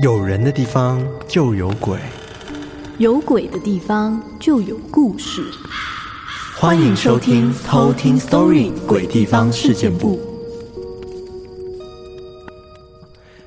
有人的地方就有鬼，有鬼的地方就有故事。歡迎收聽《偷聽 Story 鬼地方事件簿》。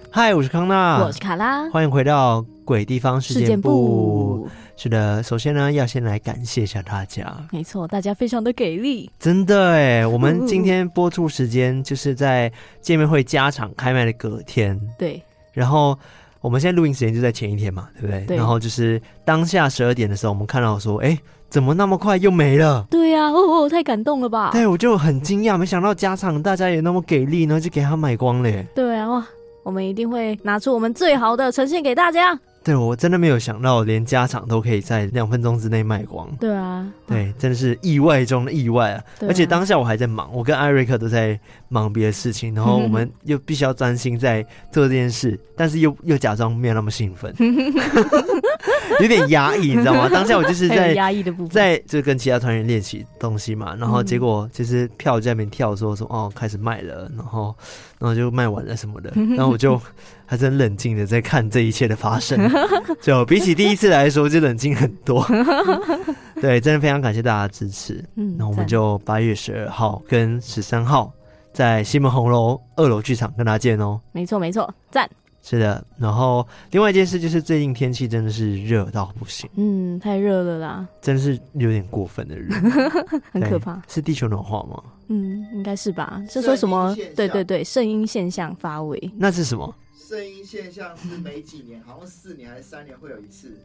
嗨，我是康娜，我是卡拉，歡迎回到《鬼地方事件簿》件簿。是的，首先呢，要先來感謝一下大家。沒錯，大家非常的給力。真的哎，我們今天播出時間就是在見面會加場開賣的隔天。對，然後。我們現在錄音時間就在前一天嘛，對不對？對。然後就是當下十二點的時候，我們看到說，哎，怎麼那麼快又沒了？對呀、啊，哦，哦，太感動了吧？對，我就很驚訝，沒想到加場大家也那麼給力，然後就給他買光了耶。對啊，哇，我們一定會拿出我們最好的呈現給大家。對，我真的沒有想到，連加場都可以在兩分鐘之內賣光。對啊，對，真的是意外中的意外啊！對啊。而且當下我還在忙，我跟艾瑞克都在忙別的事情，然後我們又必須要專心在做這件事， 但是又又假裝沒有那麼興奮。 有點壓抑，你知道嗎？當下我就是在壓抑的部分，在就是跟其他團員練習東西嘛。然後結果就是票在那邊跳說，說說哦開始賣了，然後然後就賣完了什麼的。然後我就還是很冷靜的在看這一切的發生， 就比起第一次來的時候就冷靜很多。 對，真的非常感謝大家的支持。嗯，那我們就八月十二號跟十三號在西門紅樓二樓劇場跟大家見哦。沒錯沒錯，讚。是的，然後另外一件事就是最近天氣真的是熱到不行，嗯，太熱了啦，真的是有點過分的熱， 很可怕。是地球暖化嗎？嗯，應該是吧。就是說什麼對，對對對，聖嬰現象發威。那是什麼？聖嬰現象是每幾年，嗯、好像四年還是三年會有一次，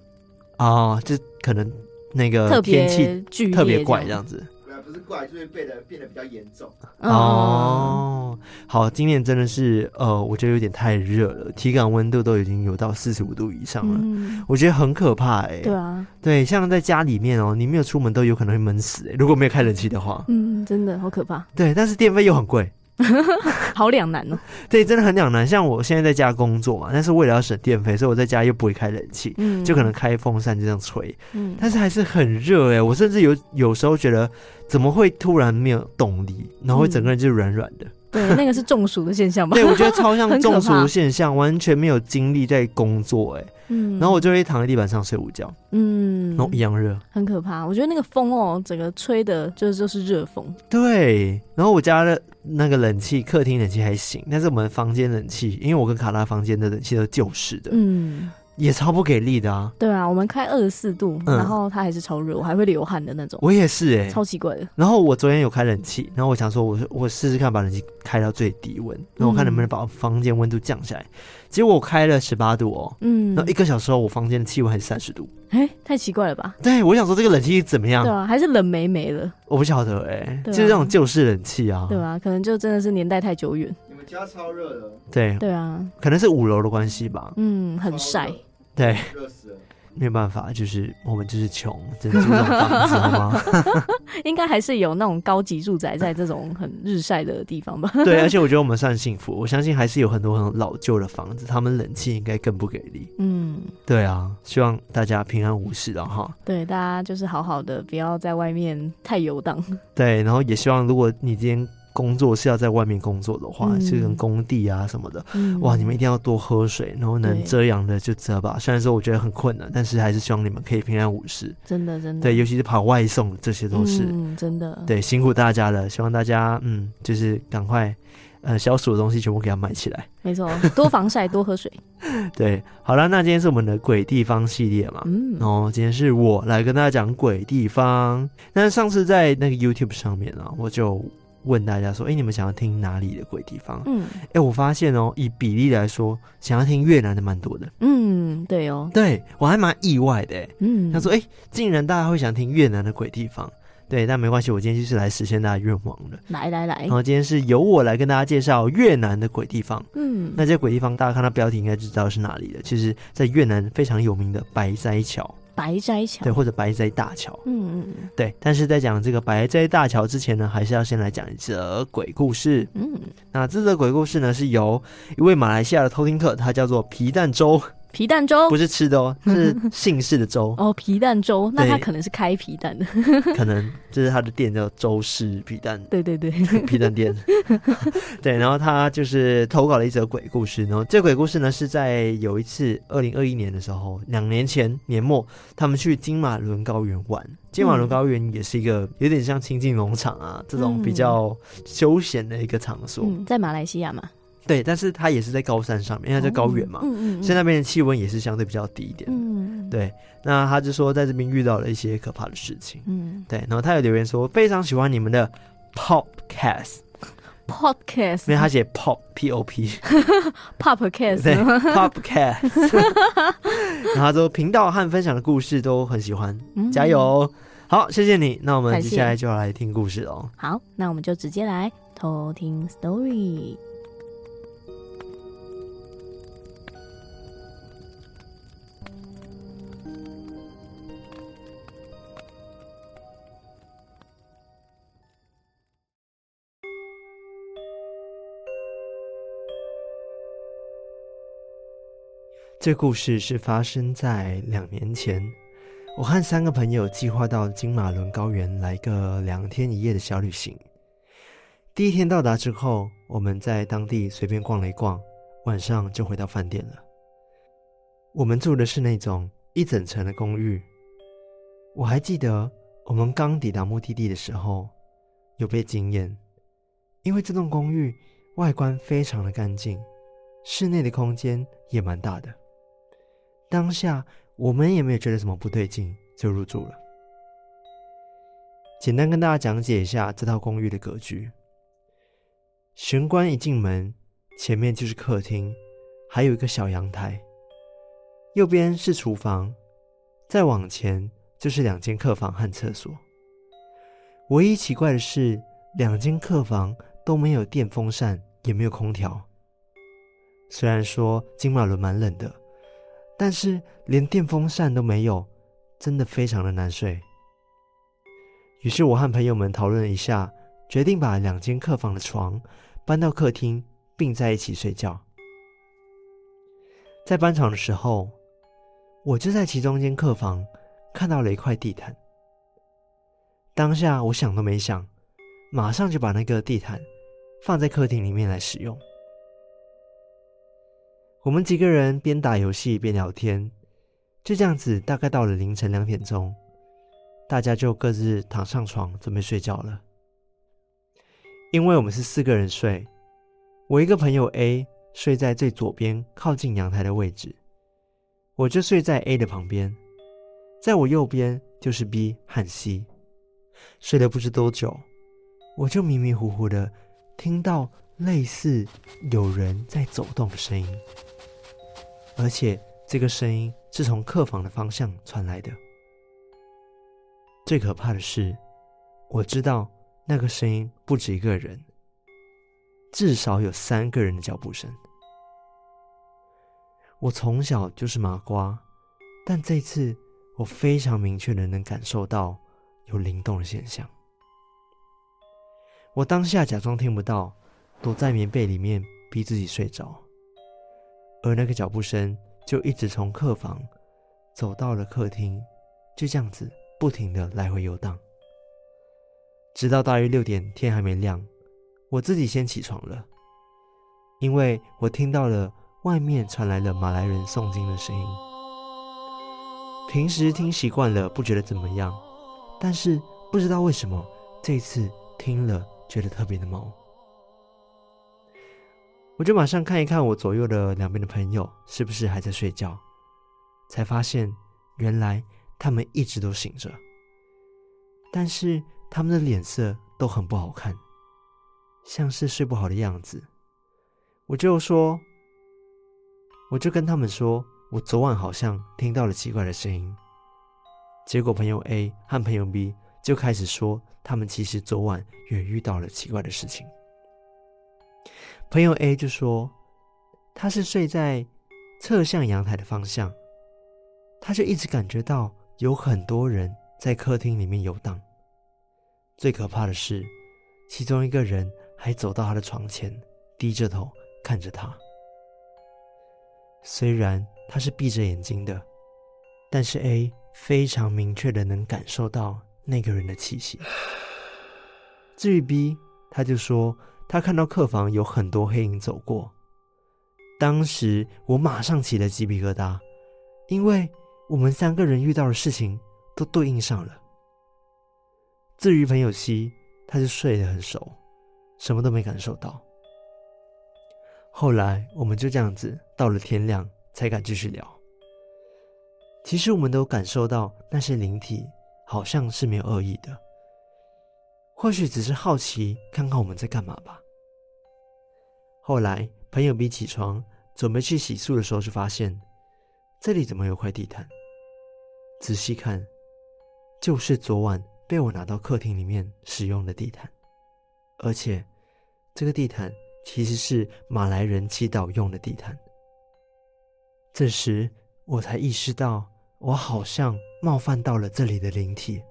哦，就可能那個天氣特別怪這樣子。不是過來就會變得變得比較嚴重，啊、哦、哦。好，今天真的是呃，我覺得有點太熱了，體感溫度都已經有到四十五度以上了，嗯、我覺得很可怕哎、欸。對啊，對，像在家裡面哦，你沒有出門都有可能會悶死哎、欸，如果沒有開冷氣的話。嗯，真的好可怕。對，但是電費又很貴。 好兩難哦、啊， 對，真的很兩難。像我現在在家工作嘛，但是為了要省電費，所以我在家又不會開冷氣，嗯，就可能開風扇就這樣吹，嗯，但是還是很熱誒、欸，我甚至有有時候覺得，怎麼會突然沒有動力，然後整個人就軟軟的。嗯 對，那個是中暑的現象吧？ 對，我覺得超像中暑的現象， 怕完全沒有精力在工作、欸，哎、嗯，然後我就會躺在地板上睡午覺，嗯，然後一樣熱，很可怕。我覺得那個風哦，整個吹的就是就是熱風，對。然後我家的那個冷氣，客廳冷氣還行，但是我們房間冷氣，因為我跟卡拉房間的冷氣都舊式的，嗯。也超不給力的啊！對啊，我們開二十四度，然後它還是超熱，我還會流汗的那種。我也是哎，超奇怪的。然後我昨天有開冷氣，然後我想說，我我試試看把冷氣開到最低溫，然後我看能不能把房間溫度降下來。結果我開了十八度哦，嗯，然後一個小時後，我房間的氣溫還是三十度。哎，太奇怪了吧？對，我想說這個冷氣怎麼樣？對啊，還是冷梅梅的。我不曉得哎，就是那種舊式冷氣啊，對啊，可能就真的是年代太久遠。你們家超熱的，對對啊，可能是五樓的關係吧。嗯，很曬。對，沒有辦法，就是我們就是窮，真的住這種房子， 知道嗎？ 應該還是有那種高級住宅在這種很日曬的地方吧？ 對，而且我覺得我們算幸福，我相信還是有很多很老舊的房子，他們冷氣應該更不給力。嗯，對啊，希望大家平安無事啊。哈。對，大家就是好好的，不要在外面太遊蕩。對，然後也希望如果你今天。工作是要在外面工作的話，嗯、就跟工地啊什麼的，嗯、哇，你們一定要多喝水，然後能遮陽的就遮吧。對雖然說我覺得很困難，但是還是希望你們可以平安無事。真的，真的，真的，對，尤其是跑外送，這些都是，嗯、真的，對，辛苦大家了，希望大家，嗯，就是趕快，呃，消暑的東西全部給它買起來。沒錯，多防曬， 多喝水。對，好了，那今天是我們的鬼地方系列嘛，嗯，然後今天是我來跟大家講鬼地方。那上次在那個 YouTube 上面啊，我就。問大家說，哎，你們想要聽哪裡的鬼地方？嗯，哎，我發現哦，以比例來說，想要聽越南的蠻多的。嗯，對哦，對我還蠻意外的。嗯，他說，哎，竟然大家會想聽越南的鬼地方，對，但沒關係，我今天就是來實現大家願望的。來來來，然後今天是由我來跟大家介紹越南的鬼地方。嗯，那這個鬼地方，大家看到標題應該就知道是哪裡的。其實，在越南非常有名的白齋橋。白齋橋，對，或者白齋大橋，嗯嗯，對。但是在講這個白齋大橋之前呢，還是要先來講一則鬼故事。嗯，那這則鬼故事呢，是由一位馬來西亞的偷聽客，他叫做皮蛋周。皮蛋粥不是吃的哦，是姓氏的周 哦。皮蛋粥，那他可能是開皮蛋的， 可能這是他的店叫周氏皮蛋。對對對，皮蛋店。 對，然後他就是投稿了一則鬼故事。然後這鬼故事呢，是在有一次二零二一年的時候，兩年前年末，他們去金馬倫高原玩。金馬倫高原也是一個有點像清境農場啊、嗯、這種比較休閒的一個場所。嗯，在馬來西亞嘛。對，但是他也是在高山上面，因為在高原嘛，現在那邊的氣溫也是相對比較低一點。嗯，對。那他就說在這邊遇到了一些可怕的事情。嗯，對。然後他有留言說非常喜歡你們的 popcast，podcast，因為他寫 pop p o p，popcast，popcast。然後他說頻道和分享的故事都很喜歡，加油！好，謝謝你。那我們接下來就要來聽故事哦。好，那我們就直接來偷聽 story。這故事是發生在兩年前，我和三個朋友計劃到金馬倫高原來個兩天一夜的小旅行。第一天到達之後，我們在當地隨便逛了一逛，晚上就回到飯店了。我們住的是那種一整層的公寓。我還記得我們剛抵達目的地的時候，有被驚艷，因為這棟公寓外觀非常的乾淨，室內的空間也蠻大的。當下我們也沒有覺得什麼不對勁，就入住了。簡單跟大家講解一下這套公寓的格局：玄關一進門，前面就是客廳，還有一個小陽台；右邊是廚房，再往前就是兩間客房和廁所。唯一奇怪的是，兩間客房都沒有電風扇，也沒有空調。雖然說金馬崙蠻冷的。但是連電風扇都沒有，真的非常的難睡。於是我和朋友們討論了一下，決定把兩間客房的床搬到客廳，併在一起睡覺。在搬床的時候，我就在其中一間客房看到了一塊地毯。當下我想都沒想，馬上就把那個地毯放在客廳裡面來使用。我們幾個人邊打遊戲邊聊天，就這樣子，大概到了凌晨兩點鐘，大家就各自躺上床準備睡覺了。因為我們是四個人睡，我一個朋友 A 睡在最左邊靠近陽台的位置，我就睡在 A 的旁邊，在我右邊就是 B 和 C。睡了不知多久，我就迷迷糊糊的聽到類似有人在走動的聲音。而且這個聲音是從客房的方向傳來的。最可怕的是，我知道那個聲音不止一個人，至少有三個人的腳步聲。我從小就是麻瓜，但這次我非常明確的能感受到有靈動的現象。我當下假裝聽不到，躲在棉被裡面，逼自己睡着。而那個腳步聲就一直從客房走到了客廳，就這樣子不停地來回遊蕩，直到大約六點，天還沒亮，我自己先起床了，因為我聽到了外面傳來了馬來人誦經的聲音。平時聽習慣了，不覺得怎麼樣，但是不知道為什麼這次聽了覺得特別的毛。我就馬上看一看我左右的兩邊的朋友是不是還在睡覺，才發現原來他們一直都醒着，但是他們的臉色都很不好看，像是睡不好的樣子。我就說，我就跟他們說，我昨晚好像聽到了奇怪的聲音。結果朋友 A 和朋友 B 就開始說，他們其實昨晚也遇到了奇怪的事情。朋友 A 就說，他是睡在側向陽台的方向，他就一直感覺到有很多人在客廳裡面游蕩。最可怕的是，其中一個人還走到他的床前，低着頭看着他。雖然他是閉着眼睛的，但是 A 非常明確的能感受到那個人的氣息。至於 B，他就說。他看到客房有很多黑影走過，當時我馬上起了雞皮疙瘩，因為我們三個人遇到的事情都對應上了。至於朋友西，他就睡得很熟，什麼都沒感受到。後來我們就這樣子到了天亮才敢繼續聊。其實我們都感受到那些靈體好像是沒有惡意的。或許只是好奇，看看我們在幹嘛吧。後來，朋友比起床準備去洗漱的時候，就發現這裡怎麼有塊地毯。仔細看，就是昨晚被我拿到客廳裡面使用的地毯。而且，這個地毯其實是馬來人祈禱用的地毯。這時，我才意識到，我好像冒犯到了這裡的靈體。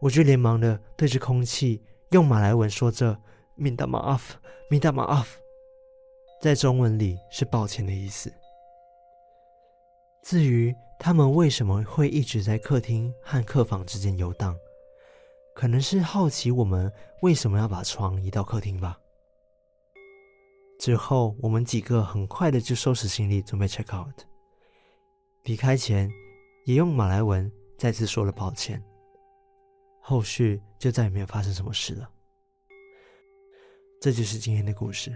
我就連忙的對着空氣用馬來文說着：“Minta maaf，Minta maaf” 在中文裡是“抱歉”的意思。至於他們為什麼會一直在客廳和客房之間遊蕩，可能是好奇我們為什麼要把床移到客廳吧。之後，我們幾個很快的就收拾行李準備 check out，離開前也用馬來文再次說了抱歉。後續就再也沒有發生什麼事了。這就是今天的故事。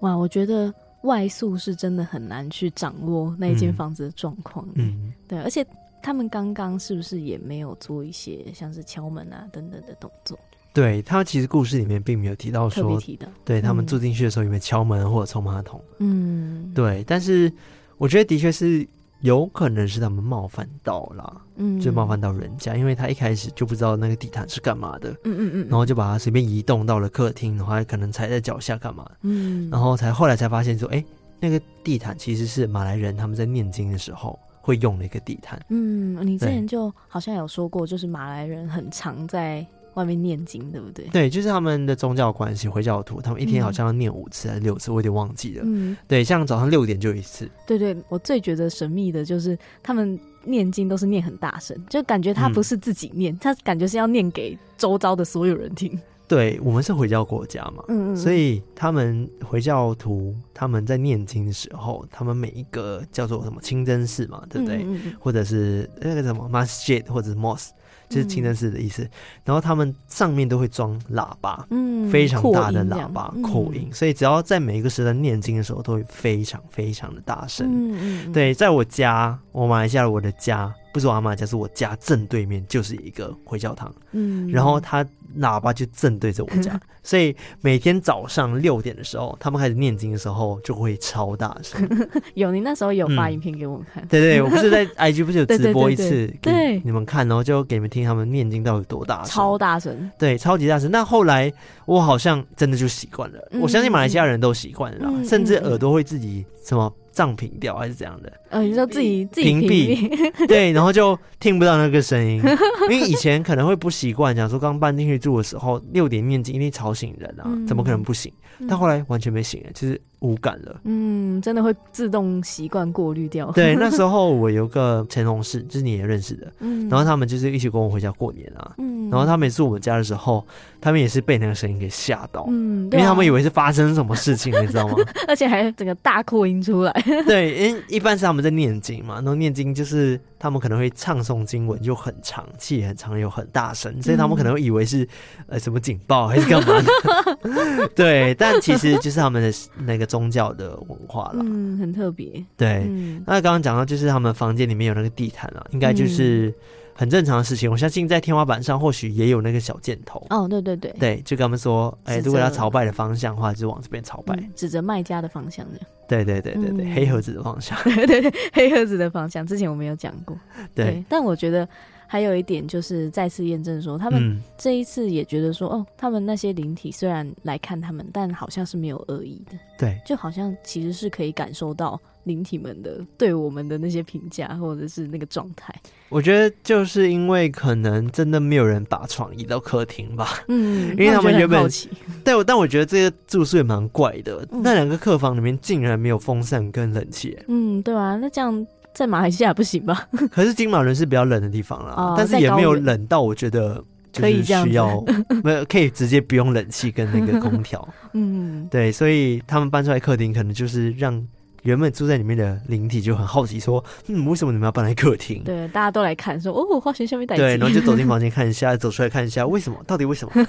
哇，我覺得外宿是真的很難去掌握那一間房子的狀況。嗯，嗯對，而且他們剛剛是不是也沒有做一些像是敲門啊等等的動作？對，他其實故事裡面並沒有提到說特別提的，對他們住進去的時候有沒有敲門或者沖馬桶？嗯，對。但是我覺得的確是有可能是他們冒犯到了，嗯，就冒犯到人家，因為他一開始就不知道那個地毯是幹嘛的，嗯嗯嗯，嗯嗯然後就把它隨便移動到了客廳，然後可能踩在腳下幹嘛？嗯，然後才後來才發現說，哎，那個地毯其實是馬來人他們在念經的時候會用的一個地毯。嗯，你之前就好像有說過，就是馬來人很常在。外面念經對不對？對，就是他們的宗教關係，回教徒，他們一天好像要念五次還是六次，嗯、我有點忘記了。嗯，對，像早上六點就一次。對對，我最覺得神秘的就是他們念經都是念很大聲，就感覺他不是自己念，嗯、他感覺是要念給周遭的所有人聽。對我們是回教國家嘛，嗯嗯，所以他們回教徒他們在念經的時候，他們每一個叫做什麼清真寺嘛，對不對？嗯嗯嗯，或者是那個什麼 masjid 或者是 mos。就是清真寺的意思，嗯、然後他們上面都會裝喇叭，嗯，非常大的喇叭，擴音量，擴音，嗯、所以只要在每一個時段念經的時候，都會非常非常的大聲，嗯，嗯對，在我家，我馬來西亞的我的家。不是我阿媽家，是我家正對面就是一個回教堂。嗯，然後他喇叭就正對着我家，嗯、所以每天早上六點的時候，嗯、他們開始念經的時候就會超大聲。有，你那時候有發影片給我們看？嗯、對，對對，我不是在 IG 不是有直播一次，給你們看，對對對對，然後就給你們聽他們念經到底有多大聲？超大聲！對，超級大聲。那後來我好像真的就習慣了，嗯、我相信馬來西亞人都習慣了，嗯、甚至耳朵會自己什麼。藏屏掉還是這樣的？呃平，你知道自己自己屏蔽，對，然後就聽不到那個聲音， 因為以前可能會不習慣，假如說剛搬進去住的時候六點面積一定吵醒人啊，嗯、怎麼可能不醒？但後來完全沒醒了，嗯、其實。無感了，嗯，真的會自動習慣過濾掉。對，那時候我有個前同事，就是你也認識的，嗯，然後他們就是一起跟我回家過年啊，嗯，然後他們住我們家的時候，他們也是被那個聲音給嚇到，嗯，啊、因為他們以為是發生什麼事情，你知道嗎？而且還整個大擴音出來。對，因為一般是他們在念經嘛，然後念經就是。他們可能會唱誦經文，又很長，氣很長，又很大聲，所以他們可能會以為是，嗯、呃，什麼警報還是幹嘛的？ 對，但其實就是他們的那個宗教的文化了。嗯，很特別。對，嗯、那剛剛講到就是他們房間裡面有那個地毯了、啊，應該就是。嗯很正常的事情，我相信在天花板上或許也有那個小箭頭。哦，對對對，對，就跟他們說，哎、欸，著如果要朝拜的方向的話，就往這邊朝拜，嗯、指着麥加的方向。對對對對對，嗯、黑盒子的方向， 對，對，對黑盒子的方向，之前我沒有講過。對，對，但我覺得。還有一點就是再次驗證說，說他們這一次也覺得說，嗯、哦，他們那些靈體雖然來看他們，但好像是沒有惡意的。對，就好像其實是可以感受到靈體們的對我們的那些評價，或者是那個狀態。我覺得就是因為可能真的沒有人把床移到客廳吧。嗯，因為他們原本……但我，對我但我覺得這個住宿也蠻怪的。嗯、那兩個客房裡面竟然沒有風扇跟冷氣。嗯，對啊，那這樣。在馬來西亞不行吧？ 可是金馬倫是比較冷的地方啦，oh, 但是也沒有冷到我覺得就是需要，沒有可, 可以直接不用冷氣跟那個空調， 嗯，對，所以他們搬出來客廳可能就是讓。原本住在裡面的靈體就很好奇，說：“嗯，為什麼你們要搬來客廳？”對，大家都來看，說：“哦，化學香味帶。”對，然後就走進房間看一下，走出來看一下，為什麼？到底為什麼？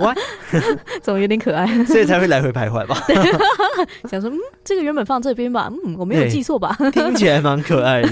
哇，怎麼有點可愛？所以才會來回徘徊吧？ 想說：“嗯，這個原本放這邊吧，嗯，我沒有記錯吧？”聽起來蠻可愛的。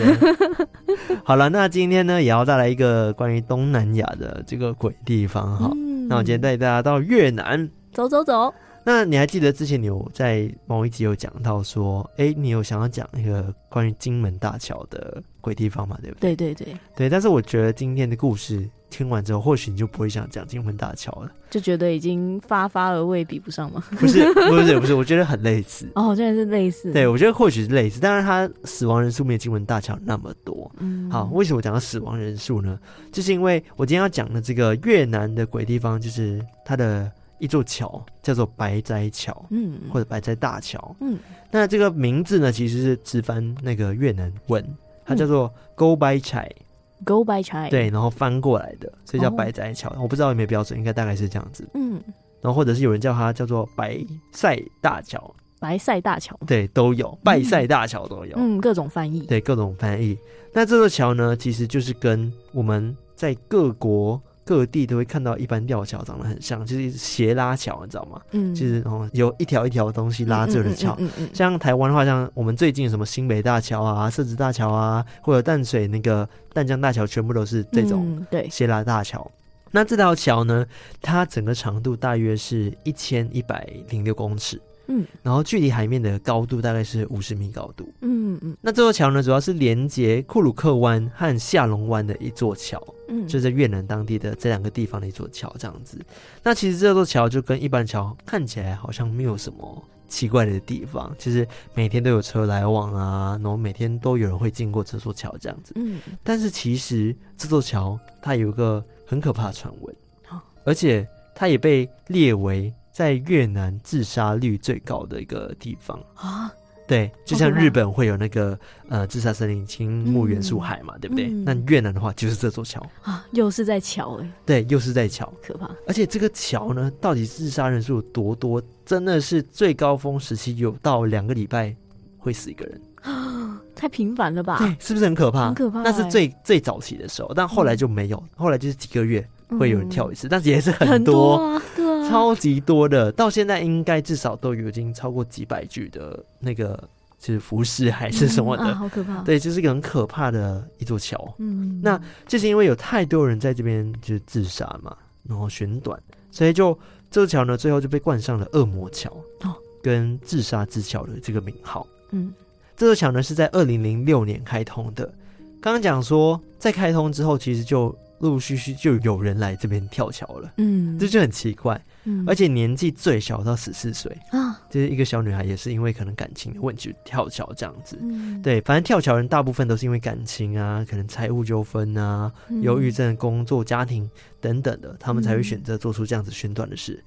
好了，那今天呢，也要帶來一個關於東南亞的這個鬼地方哈。好，嗯，那我今天帶大家到越南，走走走。那你還記得之前你有在某一集有講到說，哎、欸，你有想要講一個關於金門大橋的鬼地方嘛？對不對？對對對對。但是我覺得今天的故事聽完之後，或許你就不會想講金門大橋了，就覺得已經發發而未比不上嗎？不是不是不是，不是，我覺得很類似。哦， 真的是類似。對，我覺得或許是類似，當然它死亡人數沒有金門大橋那麼多。嗯。好，為什麼我講到死亡人數呢？就是因為我今天要講的這個越南的鬼地方，就是它的。一座橋叫做白齋橋，嗯，或者白齋大橋，嗯，那這個名字呢，其實是直翻那個越南文，嗯，它叫做 Go Bai Chai，Go Bai Chai，對，然後翻過來的，所以叫白齋橋。哦，我不知道有沒有標準，應該大概是這樣子，嗯，然後或者是有人叫它叫做白塞大橋，白塞大橋，對，都有，白塞大橋都有，嗯，各種翻譯，對，各種翻譯。那這座橋呢，其實就是跟我們在各國，各地都會看到一般吊橋長得很像，就是斜拉橋，你知道嗎？嗯，就是然後有一條一條東西拉着的橋，嗯，嗯嗯，嗯嗯，像台灣的話，像我們最近有什麼新北大橋啊、社子大橋啊，或者淡水那個淡江大橋，全部都是這種對斜拉大橋。嗯、那這道橋呢，它整個長度大約是一千一百零六公尺，嗯，然後距離海面的高度大概是五十米高度，嗯嗯，嗯，那這座橋呢，主要是連接庫魯克灣和下龍灣的一座橋。就在越南當地的這兩個地方的一座橋，這樣子。那其實這座橋就跟一般橋看起來好像沒有什麼奇怪的地方，其實每天都有車來往啊，然後每天都有人會經過這座橋這樣子。嗯，但是其實這座橋它有一個很可怕的傳聞，而且它也被列為在越南自殺率最高的一個地方啊。對，就像日本會有那個呃自殺森林青木原樹海嘛，對不對？那越南的話就是這座橋啊，又是在橋哎。對，又是在橋，可怕。而且這個橋呢，到底自殺人數有多多，真的是最高峰時期有到兩個禮拜會死一個人啊，太頻繁了吧？對，是不是很可怕？很可怕。那是最最早期的時候，但後來就沒有，後來就是幾個月會有人跳一次，但是也是很多，對。超級多的，到現在應該至少都有已經超過幾百具的那個，就是服飾還是什麼的，嗯啊、好可怕。對，就是一個很可怕的一座橋。嗯，那這、就是因為有太多人在這邊就是自殺嘛，然後尋短，所以就這座橋呢，最後就被冠上了“惡魔橋”哦，跟“自殺之橋”的這個名號。嗯，這座橋呢是在二零零六年開通的。剛剛講說，在開通之後，其實就。陸陸續續就有人來這邊跳橋了，嗯，這就很奇怪，嗯，而且年紀最小到十四歲啊，就是一個小女孩，也是因為可能感情的問題跳橋這樣子，嗯、對，反正跳橋人大部分都是因為感情啊，可能財務糾紛啊、憂鬱症、工作、家庭等等的，嗯、他們才會選擇做出這樣子宣斷的事。嗯、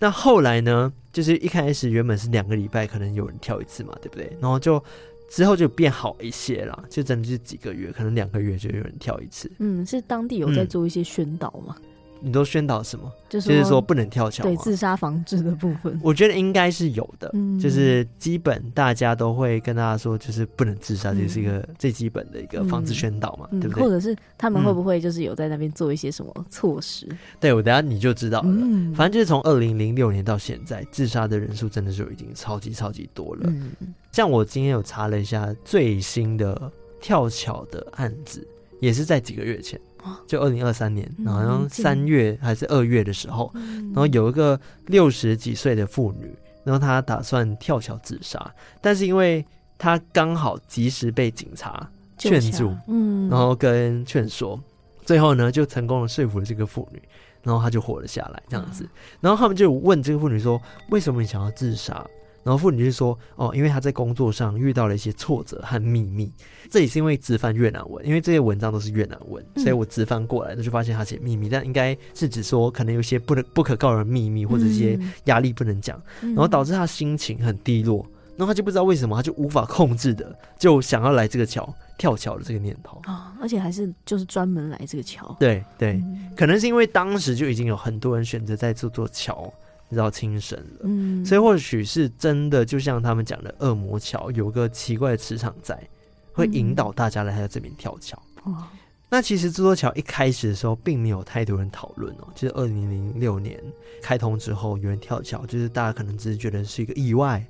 那後來呢，就是一開始原本是兩個禮拜可能有人跳一次嘛，對不對？然後就。之後就變好一些了，就真的是幾個月，可能兩個月就有人跳一次。嗯，是當地有在做一些宣導嗎？你都宣導什麼？就、說就是說不能跳橋，對自殺防治的部分，我覺得應該是有的。嗯、就是基本大家都會跟大家說，就是不能自殺，這、嗯、是一個最基本的一個防治宣導嘛，嗯、對不對？或者是他們會不會就是有在那邊做一些什麼措施？嗯、對，我等下你就知道了。嗯、反正就是從二零零六年到現在，自殺的人數真的是已經超級超級多了。嗯、像我今天有查了一下最新的跳橋的案子，也是在幾個月前。就二零二三年，然後好像三月還是二月的時候，然後有一個六十幾歲的婦女，然後她打算跳橋自殺，但是因為她剛好及時被警察勸住，嗯，然後跟勸說，最後呢就成功的說服了這個婦女，然後她就活了下來這樣子。然後他們就問這個婦女說：“為什麼你想要自殺？”然後婦女就是說：“哦，因為他在工作上遇到了一些挫折和秘密，這也是因為直翻越南文，因為這些文章都是越南文，嗯、所以我直翻過來的就發現他寫秘密，但應該是指說可能有些不能不可告人的秘密或者一些壓力不能講，嗯、然後導致他心情很低落，嗯、然後他就不知道為什麼，他就無法控制的就想要來這個橋跳橋的這個念頭啊，而且還是就是專門來這個橋，對對，對嗯、可能是因為當時就已經有很多人選擇在這座橋。”知道輕生了，所以或許是真的，就像他們講的，惡魔橋有個奇怪的磁場在，會引導大家來到這邊跳橋。嗯、那其實這座橋一開始的時候並沒有太多人討論哦，就是二零零六年開通之後有人跳橋，就是大家可能只是覺得是一個意外，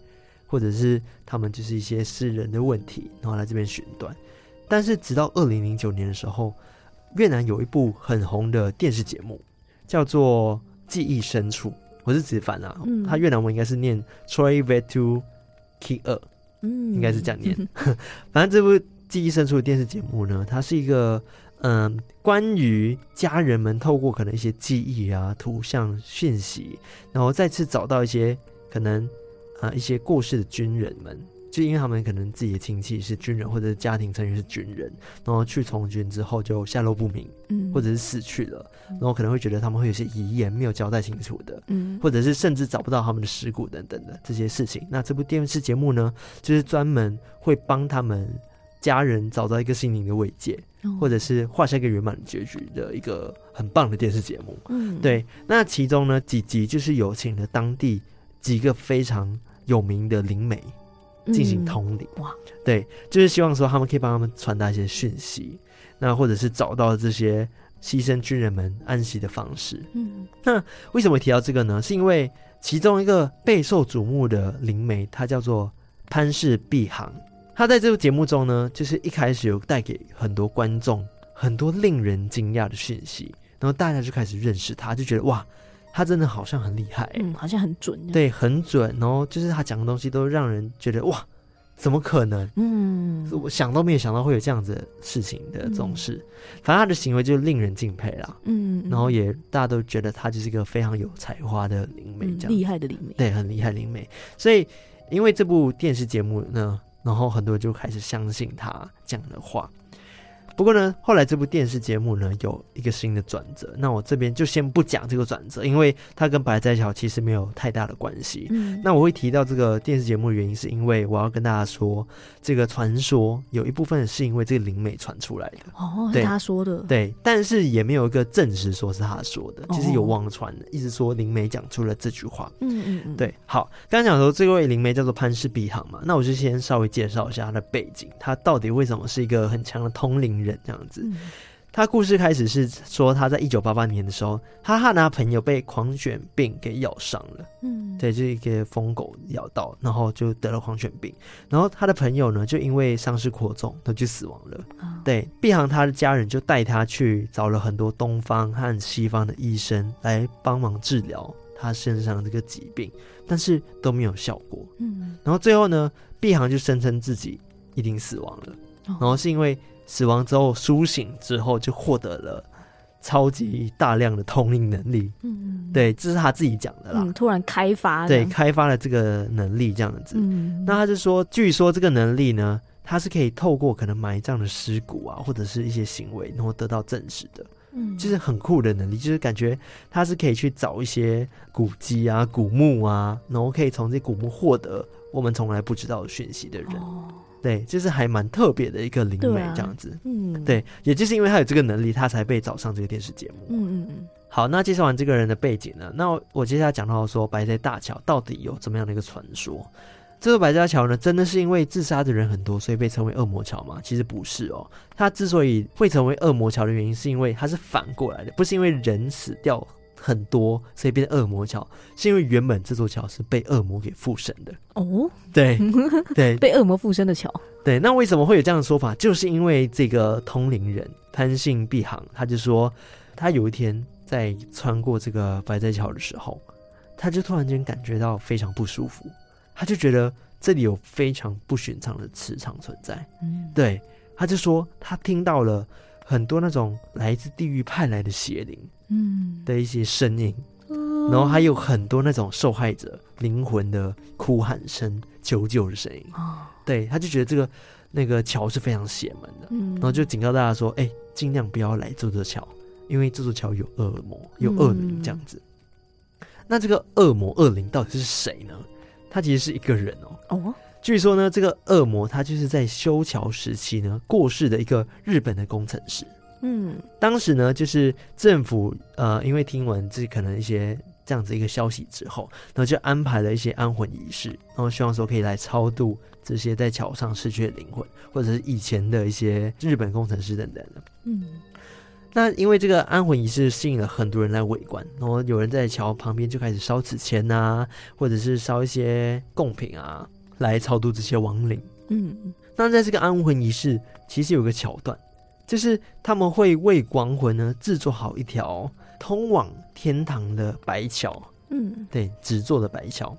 或者是他們就是一些私人的問題，然後來這邊尋短。但是直到二零零九年的時候，越南有一部很紅的電視節目叫做《記憶深處》。我是子凡啊，嗯、他越南文應該是念 t r o y ve tu ki 二，嗯，應該是這樣念。 反正這部記憶深處的電視節目呢，它是一個嗯、呃，關於家人們透過可能一些記憶啊、圖像訊息，然後再次找到一些可能啊、呃、一些故事的軍人們。就因為他們可能自己的親戚是軍人，或者家庭成員是軍人，然後去從軍之後就下落不明，嗯，或者是死去了，然後可能會覺得他們會有些遺言沒有交代清楚的，嗯，或者是甚至找不到他們的屍骨等等的這些事情。那這部電視節目呢，就是專門會幫他們家人找到一個心靈的慰藉，或者是畫下一個圓滿的結局的一個很棒的電視節目。嗯，對。那其中呢幾集就是有請了當地幾個非常有名的靈媒。進行通靈，嗯、哇，對，就是希望說他們可以幫他們傳達一些訊息，那或者是找到這些犧牲軍人們安息的方式。嗯，那為什麼提到這個呢？是因為其中一個備受矚目的靈媒，他叫做潘氏碧姮。他在這部節目中呢，就是一開始有帶給很多觀眾很多令人驚訝的訊息，然後大家就開始認識他，就覺得哇。他真的好像很厲害、欸，嗯，好像很準，對，很準，然後就是他講的東西都讓人覺得哇，怎麼可能？嗯，我想都沒有想到會有這樣子的事情的這種事。嗯、反正他的行為就令人敬佩啦，嗯,嗯,嗯，然後也大家都覺得他就是一個非常有才華的靈媒,、嗯、媒，這樣厲害的靈媒，對，很厲害靈媒。所以因為這部電視節目呢，然後很多人就開始相信他講的話。不過呢，後來這部電視節目呢有一個新的轉折，那我這邊就先不講這個轉折，因為它跟白齋橋其實沒有太大的關係。嗯、那我會提到這個電視節目的原因，是因為我要跟大家說，這個傳說有一部分是因為這個靈媒傳出來的哦，對，他說的對，對，但是也沒有一個證實說是他說的，其實有網傳的，一直、哦、說靈媒講出了這句話。嗯,嗯嗯，對。好，剛講說這位靈媒叫做潘氏碧姮嘛，那我就先稍微介紹一下他的背景，他到底為什麼是一個很強的通靈人。這樣子，他、嗯、故事開始是說，他在一九八八年的時候，哈哈，拿朋友被狂犬病給咬傷了，嗯，對，就一個瘋狗咬到，然後就得了狂犬病，然後他的朋友呢，就因為傷勢過重，他就去死亡了。哦、對，碧姮他的家人就帶他去找了很多東方和西方的醫生來幫忙治療他身上的這個疾病，但是都沒有效果。嗯，然後最後呢，碧姮就聲稱自己一定死亡了，然後是因為。死亡之後，蘇醒之後就獲得了超級大量的通靈能力。嗯，對，這是他自己講的啦。嗯，突然開發，對，開發了這個能力這樣子。嗯，那他就說，據說這個能力呢，它是可以透過可能埋葬的屍骨啊，或者是一些行為，然後得到證實的。嗯，就是很酷的能力，就是感覺他是可以去找一些古蹟啊、古墓啊，然後可以從這古墓獲得我們從來不知道的訊息的人。哦對，就是還蠻特別的一個靈媒這樣子，啊、嗯，對，也就是因為他有這個能力，他才被找上這個電視節目。嗯嗯嗯。好，那介紹完這個人的背景呢，那我接下來講到說，白齋大橋到底有怎麼樣的一個傳說？這座、個、白齋橋呢，真的是因為自殺的人很多，所以被稱為惡魔橋嗎？其實不是哦，它之所以會成為惡魔橋的原因，是因為它是反過來的，不是因為人死掉。很多，所以變成惡魔橋，是因為原本這座橋是被惡魔給附身的哦。對對，對被惡魔附身的橋。對，那為什麼會有這樣的說法？就是因為這個通靈人潘氏碧姮，他就說，他有一天在穿過這個白齋橋的時候，他就突然間感覺到非常不舒服，他就覺得這裡有非常不尋常的磁場存在。嗯、對，他就說他聽到了。很多那種來自地獄派來的邪靈，嗯，的一些聲音，嗯、然後還有很多那種受害者靈魂的哭喊聲、求救的聲音。哦，對，他就覺得這個那個橋是非常邪門的，嗯，然後就警告大家說，哎，盡量不要來這座橋，因為這座橋有惡魔、有惡靈這樣子。嗯、那這個惡魔、惡靈到底是誰呢？他其實是一個人哦。哦。據說呢，這個惡魔他就是在修橋時期呢過世的一個日本的工程師。嗯，當時呢就是政府呃，因為聽聞這可能一些這樣子一個消息之後，然後就安排了一些安魂儀式，然後希望說可以來超度這些在橋上逝去的靈魂，或者是以前的一些日本工程師等等。嗯，那因為這個安魂儀式吸引了很多人來圍觀，然後有人在橋旁邊就開始燒紙錢啊，或者是燒一些供品啊。來超度這些亡靈，嗯，那在這個安魂儀式，其實有個橋段，就是他們會為亡魂呢制作好一條通往天堂的白橋，嗯，對，紙做的白橋，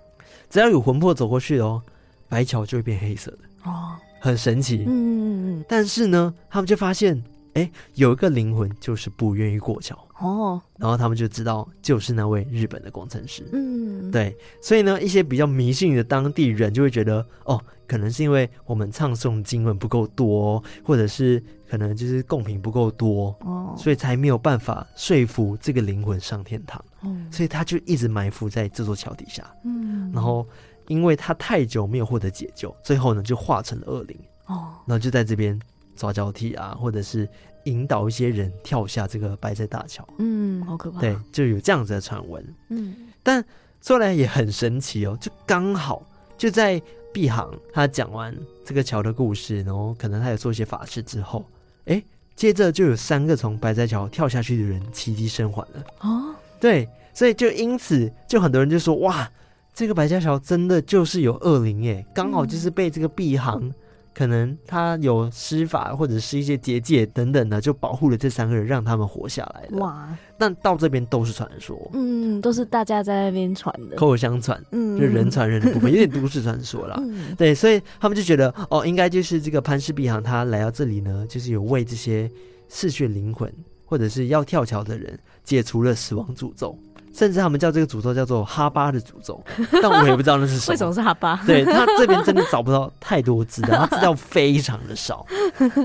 只要有魂魄走過去哦，白橋就會變黑色的，哦，很神奇，嗯，但是呢，他們就發現。哎，有一個靈魂就是不願意過橋哦，然後他們就知道就是那位日本的工程師。嗯，對，所以呢，一些比較迷信的當地人就會覺得，哦，可能是因為我們唱誦經文不夠多，或者是可能就是貢品不夠多，哦，所以才沒有辦法說服這個靈魂上天堂。嗯，所以他就一直埋伏在這座橋底下。嗯，然後因為他太久沒有獲得解救，最後呢就化成了惡靈。哦，然後就在這邊。抓交替啊，或者是引導一些人跳下這個白齋大橋，嗯，好可怕，對，就有這樣子的傳聞，嗯，但說來也很神奇哦，就剛好就在碧姮他講完這個橋的故事，然後可能他有做一些法事之後，欸、接着就有三個從白齋橋跳下去的人奇蹟生還了，哦，對，所以就因此就很多人就說，哇，這個白齋橋真的就是有惡靈耶，剛好就是被這個碧姮、嗯。嗯可能他有施法或者是一些結界等等的，就保護了這三個人，讓他們活下來。哇！但到這邊都是傳說，嗯，都是大家在那邊傳的，口口相傳，嗯，就人傳人的部分，嗯、有點都市傳說了。嗯、對，所以他們就覺得，哦，應該就是這個潘氏碧姮。他來到這裡呢，就是有為這些嗜血靈魂或者是要跳橋的人解除了死亡詛咒。甚至他們叫這個詛咒叫做“哈巴”的詛咒，但我也不知道那是什麼。 為什麼是哈巴？對，他這邊真的找不到太多資料， 他資料非常的少。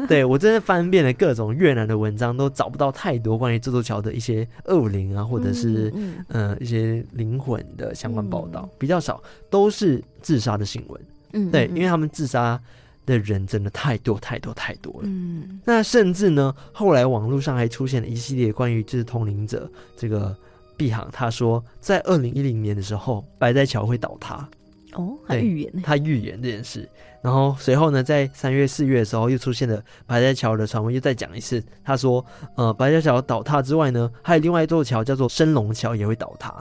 對，我真的翻遍了各種越南的文章，都找不到太多關於這座橋的一些惡靈啊，或者是嗯、嗯、呃、一些靈魂的相關報道，嗯、比較少，都是自殺的新聞。嗯，對，因為他們自殺的人真的太多太多太多了。嗯，那甚至呢，後來網絡上還出現了一系列關於就是通靈者，這個。碧姮他說，在二零一零年的時候，白齋橋會倒塌。哦，對還他預言他預言這件事。然後隨後呢，在三月、四月的時候，又出現了白齋橋的傳聞，又再講一次。他說，呃，白齋橋倒塌之外呢，還有另外一座橋叫做升龍橋也會倒塌。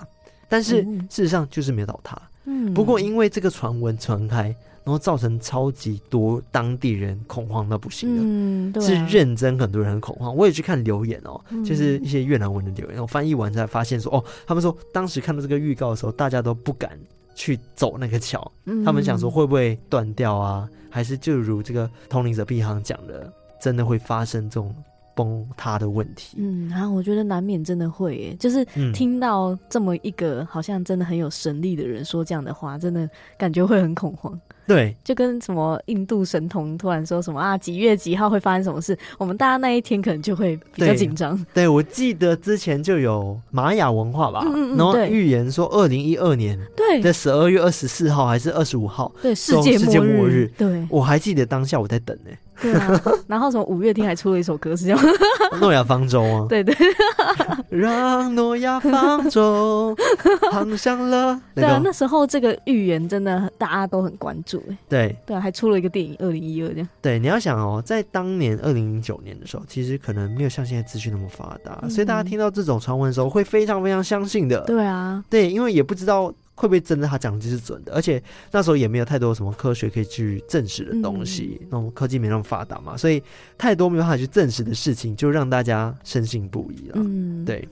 但是嗯嗯事實上就是沒有倒塌。嗯。不過因為這個傳聞傳開。然後造成超級多當地人恐慌到不行的，嗯啊、是認真很多人很恐慌。我也去看留言哦，嗯、就是一些越南文的留言。我翻譯完才發現說，哦，他們說當時看到這個預告的時候，大家都不敢去走那個橋。嗯、他們想說會不會斷掉啊？還是就如這個通靈者碧姮講的，真的會發生這種崩塌的問題？嗯，啊，我覺得難免真的會。耶。就是聽到這麼一個好像真的很有神力的人說這樣的話，真的感覺會很恐慌。對，就跟什麼印度神童突然說什麼啊，幾月幾號會發生什麼事，我們大家那一天可能就會比較緊張。對，我記得之前就有瑪雅文化吧，嗯嗯嗯，然後預言，說二零一二年對的十二月二十四號還是二十五號，對，世界世界末日。對，我還記得當下我在等誒、欸。 對啊，然後從五月天還出了一首歌是這樣，是叫《諾亞方舟》啊。 對對，對 讓諾亞，讓諾亞方舟。航向了，對啊，那時候這個預言真的大家都很關注哎。對對、啊，還出了一個電影，二零一二年。對，你要想哦，在當年二零零九年的時候，其實可能沒有像現在資訊那麼發達，嗯、所以大家聽到這種傳聞的時候，會非常非常相信的。對啊，對，因為也不知道。會不會真的他講的就是準的？而且那時候也沒有太多什麼科學可以去證實的東西，嗯、那麼科技沒那麼發達嘛，所以太多沒有辦法去證實的事情，就讓大家深信不疑了。嗯，對。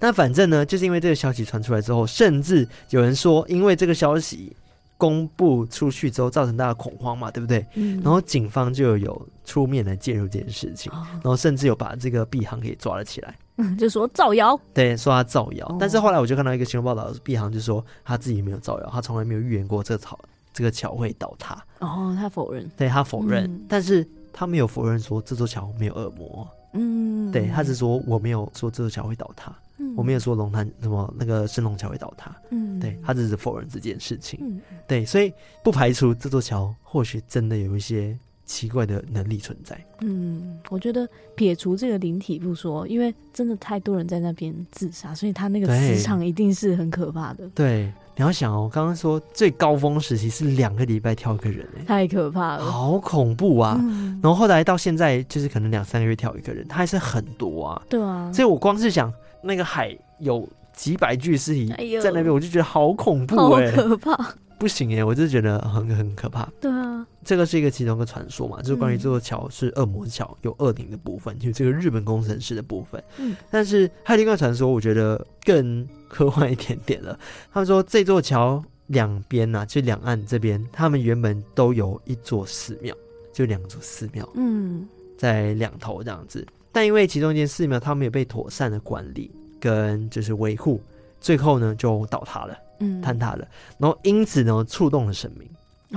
那反正呢，就是因為這個消息傳出來之後，甚至有人說，因為這個消息公布出去之後，造成大家的恐慌嘛，對不對？嗯、然後警方就有出面來介入這件事情，然後甚至有把這個碧姮給抓了起來。就說造謠，對，說他造謠。但是後來我就看到一個新聞報道，碧姮就說他自己沒有造謠，他從來沒有預言過這座，這個橋會倒塌。哦，他否認，對，他否認，嗯、但是他沒有否認說這座橋沒有惡魔。嗯，對，他只說我沒有說這座橋會倒塌，嗯、我沒有說龍潭什麼那個昇龍橋會倒塌。嗯，對，他只是否認這件事情。嗯，對，所以不排除這座橋或許真的有一些。奇怪的能力存在。嗯，我覺得撇除這個靈體不說，因為真的太多人在那邊自殺，所以他那個磁場一定是很可怕的。對，對，你要想哦，我剛剛說最高峰時期是兩個禮拜跳一個人，太可怕了，好恐怖啊！嗯，然後後來到現在就是可能兩三個月跳一個人，他還是很多啊。對啊，所以我光是想那個海有幾百具屍體在那邊，哎呦，我就覺得好恐怖，好可怕。不行耶，我就是覺得很很可怕。對啊，這個是一個其中的傳說嘛，就是關於這座橋是惡魔橋，有惡靈的部分，有、嗯、這個日本工程師的部分。嗯，但是還有一個傳說，我覺得更科幻一點點了。他們說這座橋兩邊啊，就兩岸這邊，他們原本都有一座寺廟，就兩座寺廟。嗯，在兩頭這樣子，但因為其中一間寺廟，他們也被妥善的管理跟就是維護，最後呢就倒塌了。嗯，坍塌了，然後因此呢，觸動了神明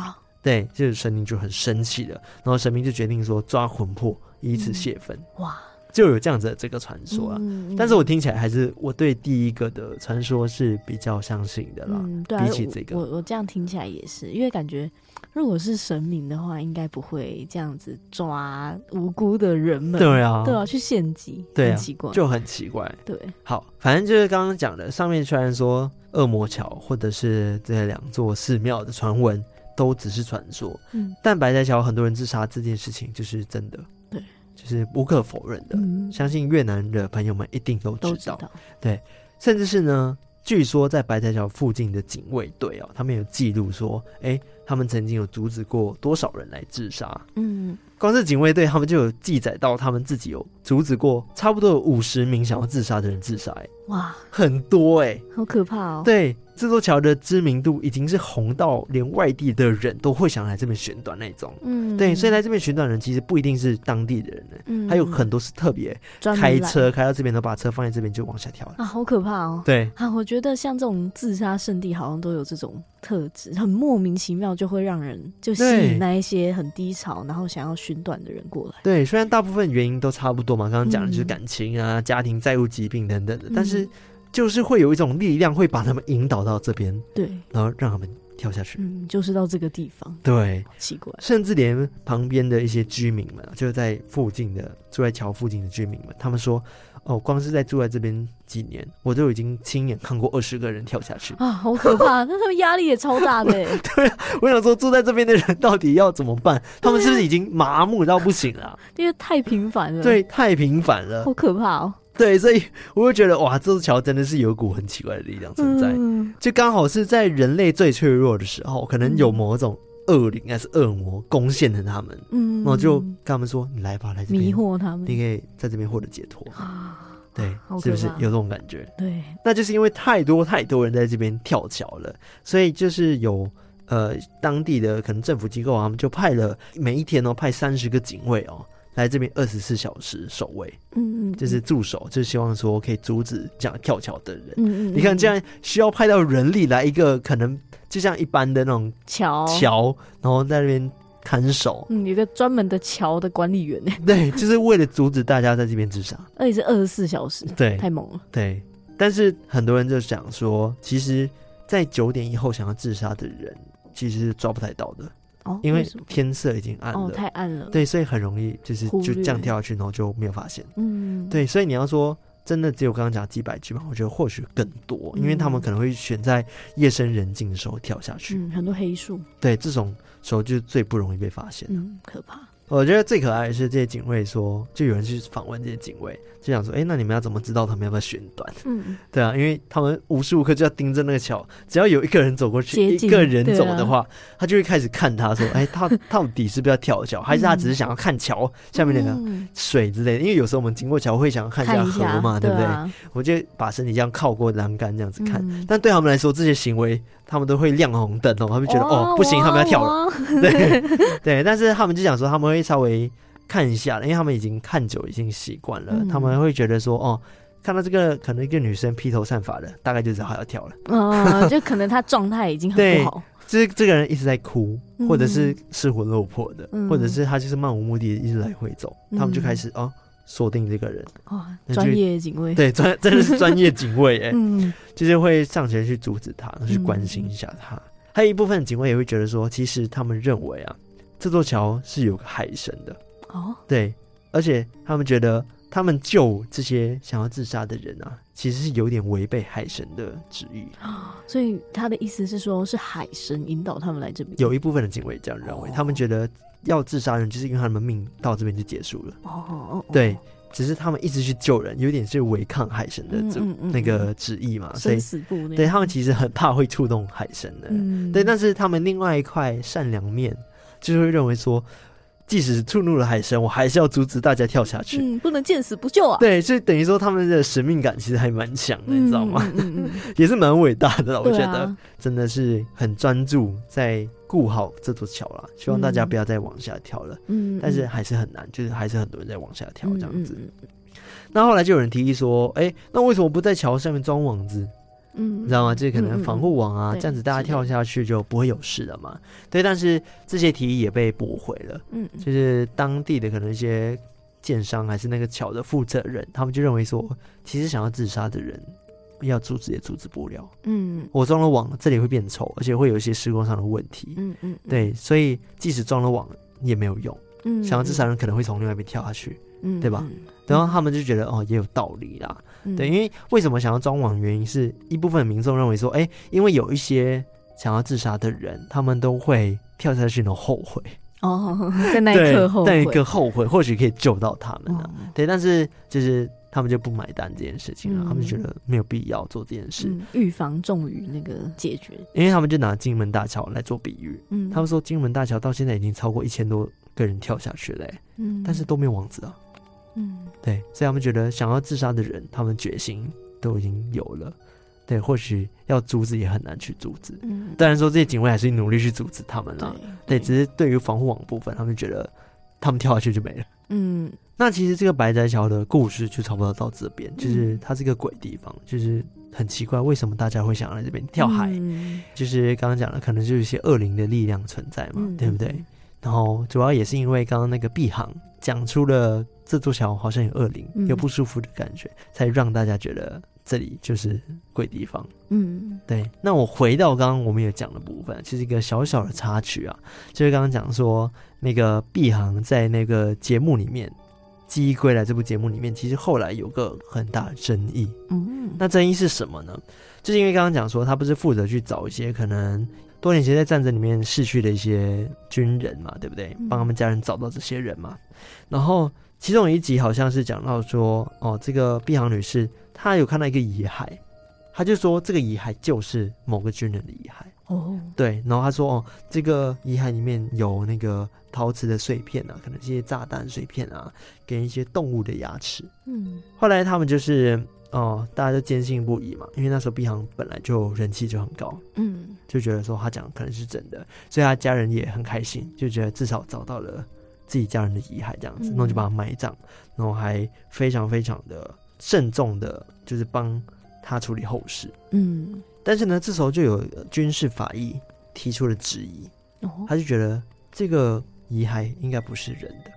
啊，哦、對，就是神明就很生氣了，然後神明就決定說，抓魂魄以此泄憤。嗯，哇，就有這樣子的這個傳說。啊，嗯、但是我聽起來還是我對第一個的傳說是比較相信的啦，嗯對啊。比起這個，我我這樣聽起來也是，因為感覺如果是神明的話，應該不會這樣子抓無辜的人們，對啊，對啊，去獻祭，對，很奇怪。啊，就很奇怪，對，好，反正就是剛剛講的上面雖然說。惡魔橋，或者是這兩座寺廟的傳聞，都只是傳說。嗯、但白齋橋很多人自殺這件事情就是真的，對，就是無可否認的。嗯、相信越南的朋友們一定都知道，知道對，甚至是呢，據說在白齋橋附近的警衛隊哦，他們有記錄說，誒、欸，他們曾經有阻止過多少人來自殺？嗯。光是警衛隊，他們就有記載到，他們自己有阻止過差不多有五十名想要自殺的人自殺、欸。哇，很多哎、欸，好可怕哦。對。這座橋的知名度已經是紅到連外地的人都會想來這邊尋短那種。嗯，對，所以來這邊尋短的人其實不一定是當地的人，嗯、還有很多是特別開車開到這邊，都把車放在這邊就往下跳了。啊，好可怕哦！對啊，我覺得像這種自殺聖地好像都有這種特質，很莫名其妙就會讓人就吸引那一些很低潮然後想要尋短的人過來對。對，雖然大部分原因都差不多嘛，剛剛講的就是感情啊、嗯、家庭債務、疾病等等的，嗯、但是。就是會有一種力量會把他們引導到這邊，對，然後讓他們跳下去，嗯，就是到這個地方，對，奇怪，甚至連旁邊的一些居民們，就是在附近的住在橋附近的居民們，他們說，哦，光是在住在這邊幾年，我都已經親眼看過二十個人跳下去啊，好可怕！那 他們壓力也超大的、欸，對、啊，我想說住在這邊的人到底要怎麼辦？啊、他們是不是已經麻木到不行了、啊？因為太頻繁了，對，太頻繁了，好可怕哦。對，所以我會覺得哇，這座橋真的是有股很奇怪的力量存在，嗯，就剛好是在人類最脆弱的時候，可能有某種惡靈還是惡魔攻陷了他們，嗯，然後就跟他們說：“你來吧，來這邊迷惑他們，你可以在這邊獲得解脫。”對，是不是有這種感覺？對，那就是因為太多太多人在這邊跳橋了，所以就是有呃當地的可能政府機構啊，他們就派了每一天哦，派三十個警衛哦。來這邊二十四小時守衛，嗯，嗯嗯，就是駐守，就是，希望說可以阻止這樣跳橋的人，嗯嗯，嗯嗯。你看這樣需要派到人力來一個可能就像一般的那種橋橋，然後在那邊看守，嗯，一個專門的橋的管理員呢。對，就是為了阻止大家在這邊自殺，而且是二十四小時，對，太猛了，對。但是很多人就想說，其實，在九點以後想要自殺的人，其實是抓不太到的。哦、為什麼？因為天色已經暗了。哦、太暗了，對，所以很容易就是就這樣跳下去，然後就沒有發現。嗯略，對，所以你要說真的只有剛剛講幾百只嘛？我覺得或許更多，嗯、因為他們可能會選在夜深人靜的時候跳下去，嗯、很多黑樹，對，這種時候就最不容易被發現了，嗯，可怕。我覺得最可愛的是這些警衛說，就有人去訪問這些警衛，就想說，哎，那你們要怎麼知道他們要不要尋短？嗯，對啊，因為他們無時無刻就要盯着那個橋，只要有一個人走過去，一個人走的話，他就會開始看，他說，哎，他到底是不是要跳橋，還是他只是想要看橋下面那個水之類的？因為有時候我們經過橋會想要看一下河嘛，對不對？我就把身體這樣靠過欄杆這樣子看，但對他們來說，這些行為，他們都會亮紅燈哦，他們覺得哦，不行，他們要跳了。對對，但是他們就想說他們會。稍微看一下，因為他們已經看久，已經習慣了，嗯、他們會覺得說：“哦，看到這個可能一個女生披頭散髮的，大概就是他要跳了。”嗯、呃，就可能她狀態已經很不好。這、 就是、這個人一直在哭，或者是失魂落魄的，嗯、或者是他就是漫無目的，一直來回走。嗯、他們就開始哦鎖定這個人。哦，專業警衛，對，專真的是專業警衛哎， 嗯、就是會上前去阻止他，去關心一下他。嗯、還有一部分警衛也會覺得說，其實他們認為啊。這座橋是有個海神的哦，對，而且他們覺得他們救這些想要自殺的人啊，其實是有點違背海神的旨意啊。所以他的意思是說，是海神引導他們來這邊。有一部分的警衛這樣認為，哦、他們覺得要自殺人就是因為他們命到這邊就結束了哦。對，只是他們一直去救人，有點是違抗海神的這、嗯嗯嗯、那個旨意嘛。所以生死簿，對他們其實很怕會觸動海神的。嗯、對，但是他們另外一塊善良面。就是會認為說，即使觸怒了海神，我還是要阻止大家跳下去。嗯，不能見死不救啊。對，就等於說他們的使命感其實還蠻強的，嗯、你知道嗎？嗯嗯、 也是蠻偉大的，啊、我覺得真的是很專注在顧好這座橋了。希望大家不要再往下跳了。嗯，但是還是很難，就是還是很多人在往下跳這樣子。嗯嗯嗯、那後來就有人提議說，哎、欸，那為什麼不在橋下面裝網子？嗯，你知道嗎？這可能防護網啊，嗯嗯，這樣子大家跳下去就不會有事了嘛。對，對，但是這些提議也被駁回了。嗯，嗯，就是當地的可能一些建商，還是那個橋的負責的人，他們就認為說，其實想要自殺的人，要阻止也阻止不了。嗯，嗯，我裝了網，這裡會變醜，而且會有一些施工上的問題。嗯，嗯嗯，對，所以即使裝了網也沒有用。嗯，想要自殺的人可能會從另外一邊跳下去。嗯，對吧？嗯嗯、然後他們就覺得哦，也有道理啦。嗯、對，因為為什麼想要裝網？原因是一部分民眾認為說，哎、欸，因為有一些想要自殺的人，他們都會跳下去，然後後悔哦。對，在那一刻後悔，對一個後悔或許可以救到他們、哦、對，但是就是他們就不買單這件事情了。嗯、他們覺得沒有必要做這件事，預、嗯、防重於那個解決。因為他們就拿金門大橋來做比喻。嗯，他們說金門大橋到現在已經超過一千多個人跳下去嘞、欸。嗯，但是都沒有網子啊。嗯，對，所以他們覺得想要自殺的人，他們決心都已經有了，對，或許要阻止也很難去阻止。嗯，當然說這些警衛還是努力去阻止他們了、啊，對，對，對，只是對於防護網部分，他們覺得他們跳下去就沒了。嗯，那其實這個白齋橋的故事就差不多到這邊，就是它是個鬼地方，就是很奇怪，為什麼大家會想要來這邊跳海？嗯、就是剛剛講了，可能就有一些惡靈的力量存在嘛，嗯、對不對？然後主要也是因為剛剛那個碧姮講出了這座橋好像有惡靈，有不舒服的感覺，嗯、才讓大家覺得這裡就是鬼地方。嗯，對。那我回到剛剛我們也講的部分，其實一個小小的插曲啊，就是剛剛講說那個碧姮在那個節目裡面，《記憶歸來》這部節目裡面，其實後來有個很大的爭議。嗯。那爭議是什麼呢？就是因為剛剛講說他不是負責去找一些可能。多年前在戰爭裡面逝去的一些軍人嘛，對不對？幫他們家人找到這些人嘛。嗯、然後其中有一集好像是講到說，哦，這個碧姮女士她有看到一個遺骸，她就說這個遺骸就是某個軍人的遺骸。哦，對。然後她說，哦，這個遺骸裡面有那個陶瓷的碎片啊，可能一些炸彈碎片啊，跟一些動物的牙齒。嗯。後來他們就是。哦，大家就堅信不疑嘛，因為那時候碧姮本來就人氣就很高，嗯，就覺得說他講的可能是真的，所以他家人也很開心，就覺得至少找到了自己家人的遺骸這樣子，嗯、然後就把他埋葬，然後還非常非常的慎重的，就是幫他處理後事，嗯，但是呢，這時候就有軍事法醫提出了質疑，哦、他就覺得這個遺骸應該不是人的，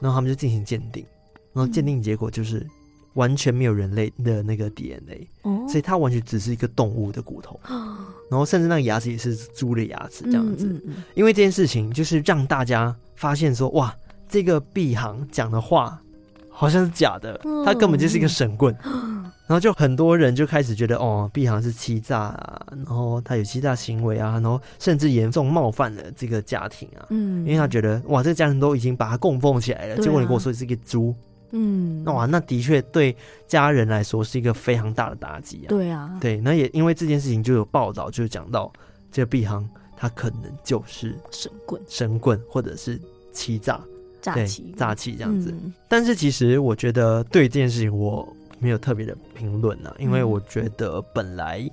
然後他們就進行鑑定，然後鑑定結果就是。嗯完全沒有人類的那個 DNA，、Oh? 所以它完全只是一個動物的骨頭，然後甚至那個牙齒也是豬的牙齒這樣子。嗯、因為這件事情，就是讓大家發現說，哇，這個碧姮講的話好像是假的，他根本就是一個神棍。然後就很多人就開始覺得，哦，碧姮是欺詐啊，然後他有欺詐行為啊，然後甚至嚴重冒犯了這個家庭啊，嗯、因為他覺得，哇，這個家庭都已經把他供奉起來了，啊、結果你跟我說是一個豬。嗯，那哇，那的確對家人來說是一個非常大的打擊啊。對啊，對，那也因為這件事情就有報道，就講到這個碧姮，他可能就是神棍、神棍或者是欺詐、詐欺七、詐欺這樣子。嗯、但是其實我覺得對這件事情我沒有特別的評論啊，因為我覺得本來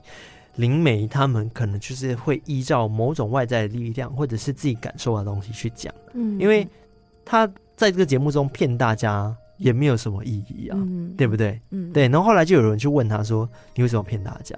靈媒他們可能就是會依照某種外在的力量或者是自己感受的東西去講，嗯，因為他在這個節目中騙大家，也沒有什麼意義啊，嗯、對不對？嗯，對。然後後來就有人去問他說：“你為什麼騙大家？”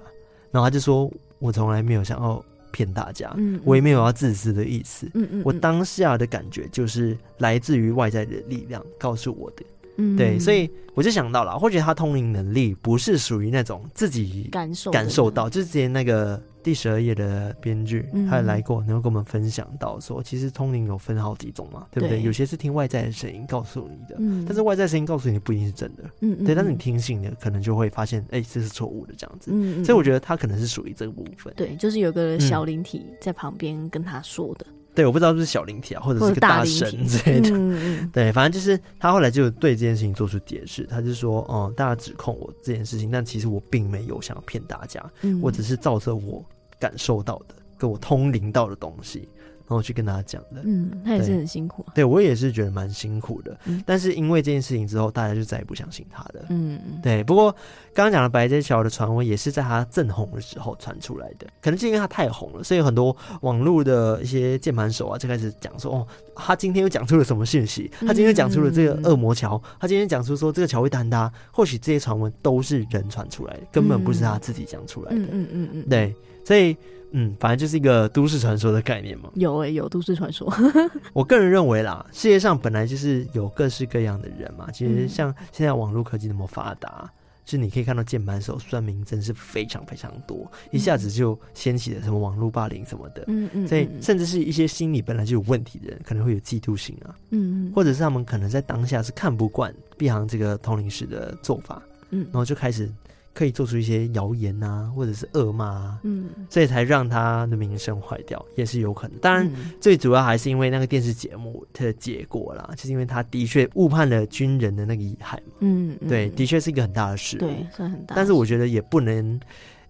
然後他就說：“我從來沒有想要騙大家，嗯嗯、我也沒有要自私的意思。嗯嗯，嗯嗯，我當下的感覺就是來自於外在的力量告訴我的。嗯，對。所以我就想到了，或許他通靈能力不是屬於那種自己感受、感受到，就是之前那個。”第十二頁的編劇，他也來過，能夠跟我們分享到說，其實通靈有分好幾種嘛，對不對？對有些是聽外在的聲音告訴你的，嗯、但是外在聲音告訴你不一定是真的，嗯，嗯，嗯，對。但是你聽信的，可能就會發現，哎、欸，這是錯誤的這樣子。嗯嗯嗯所以我覺得他可能是屬於這個部分，對，就是有個小靈體在旁邊跟他說的。嗯、對，我不知道是，是小靈體啊，或者是個大神之類的。嗯嗯對，反正就是他後來就對這件事情做出解釋，他就說，嗯，大家指控我這件事情，但其實我並沒有想要騙大家，我只、嗯、是照着我。感受到的，跟我通靈到的東西，然後去跟大家講的，嗯，他也是很辛苦，啊，對，對我也是覺得蠻辛苦的。嗯、但是因為這件事情之後，大家就再也不相信他了，嗯，對。不過剛剛講的白齋橋的傳聞，也是在他正紅的時候傳出來的，可能是因為他太紅了，所以有很多網絡的一些鍵盤手啊，就開始講說，哦，他今天又講出了什麼信息？他今天講出了這個惡魔橋？嗯嗯嗯他今天講出說這個橋會坍塌？或許這些傳聞都是人傳出來的，根本不是他自己講出來的，嗯，嗯嗯嗯，對。所以，嗯，反正就是一個都市傳說的概念嘛。有哎、欸，有都市傳說。 我個人認為啦，世界上本來就是有各式各樣的人嘛。其實像現在網絡科技那麼發達，嗯、就你可以看到鍵盤手算命真的是非常非常多，嗯、一下子就掀起了什麼網絡霸凌什麼的。嗯，嗯嗯。所以，甚至是一些心理本來就有問題的人，可能會有嫉妒心啊。嗯嗯。或者是他們可能在當下是看不慣碧姮這個通靈師的做法，嗯，然後就開始。可以做出一些謠言啊，或者是惡罵啊，嗯，所以才讓他的名聲壞掉，也是有可能。當然，嗯、最主要還是因為那個電視節目的結果啦，就是因為他的確誤判了軍人的那個遺骸，嗯。嗯，對，的確是一個很大的事，對，算很大。但是我覺得也不能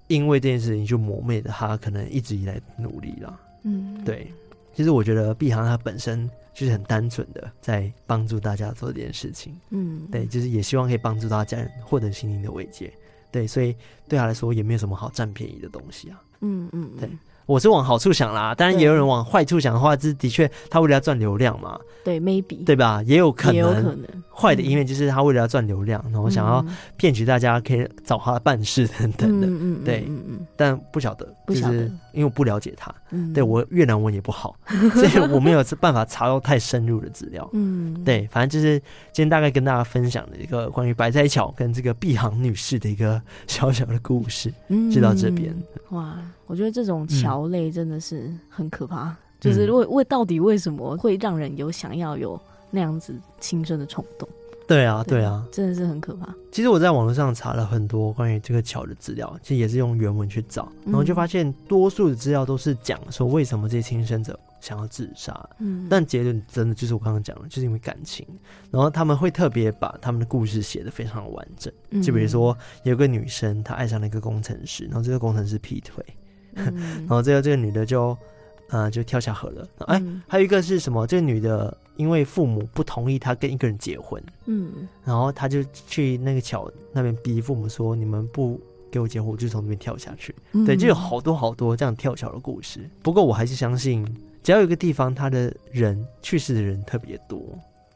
因為這件事情就磨滅了他可能一直以來努力了，嗯，對。其實我覺得碧姮他本身就是很單純的，在幫助大家做這件事情，嗯，對，就是也希望可以幫助大家獲得心靈的慰藉。對，所以對他來說也沒有什麼好佔便宜的東西啊。嗯嗯，嗯對，我是往好處想啦，當然也有人往壞處想的話，這對的確他為了要賺流量嘛。對，maybe，對吧？也有可能，也有可能。壞的一面就是他為了要賺流量，然後想要騙取大家可以找他辦事等等的。嗯對，嗯嗯，嗯，嗯，嗯。但不曉得，不曉得，因為我不了解他。嗯，對我越南文也不好， 所以我沒有辦法查到太深入的資料。嗯，對，反正就是今天大概跟大家分享的一個關於白齋橋跟這個碧姮女士的一個小小的故事，嗯，就到這邊，嗯嗯。哇，我覺得這種橋類真的是很可怕。嗯，就是為為到底為什麼會讓人有想要有那樣子輕生的衝動，對啊，對啊，對啊，真的是很可怕。其實我在網絡上查了很多關於這個橋的資料，其實也是用原文去找，然後就發現多數的資料都是講說為什麼這些輕生者想要自殺，嗯，但結論真的就是我剛剛講的，就是因為感情。然後他們會特別把他們的故事寫得非常的完整，就比如說有個女生她愛上了一個工程師，然後這個工程師劈腿，嗯、 然後最後這個女的就。呃，就跳下河了。哎，欸嗯、還有一個是什麼？這個女的因為父母不同意她跟一個人結婚，嗯，然後她就去那個橋那邊逼父母說：“你們不給我結婚，我就從那邊跳下去。”嗯對，就有好多好多這樣跳橋的故事。不過我還是相信，只要有一個地方，她的人去世的人特別多，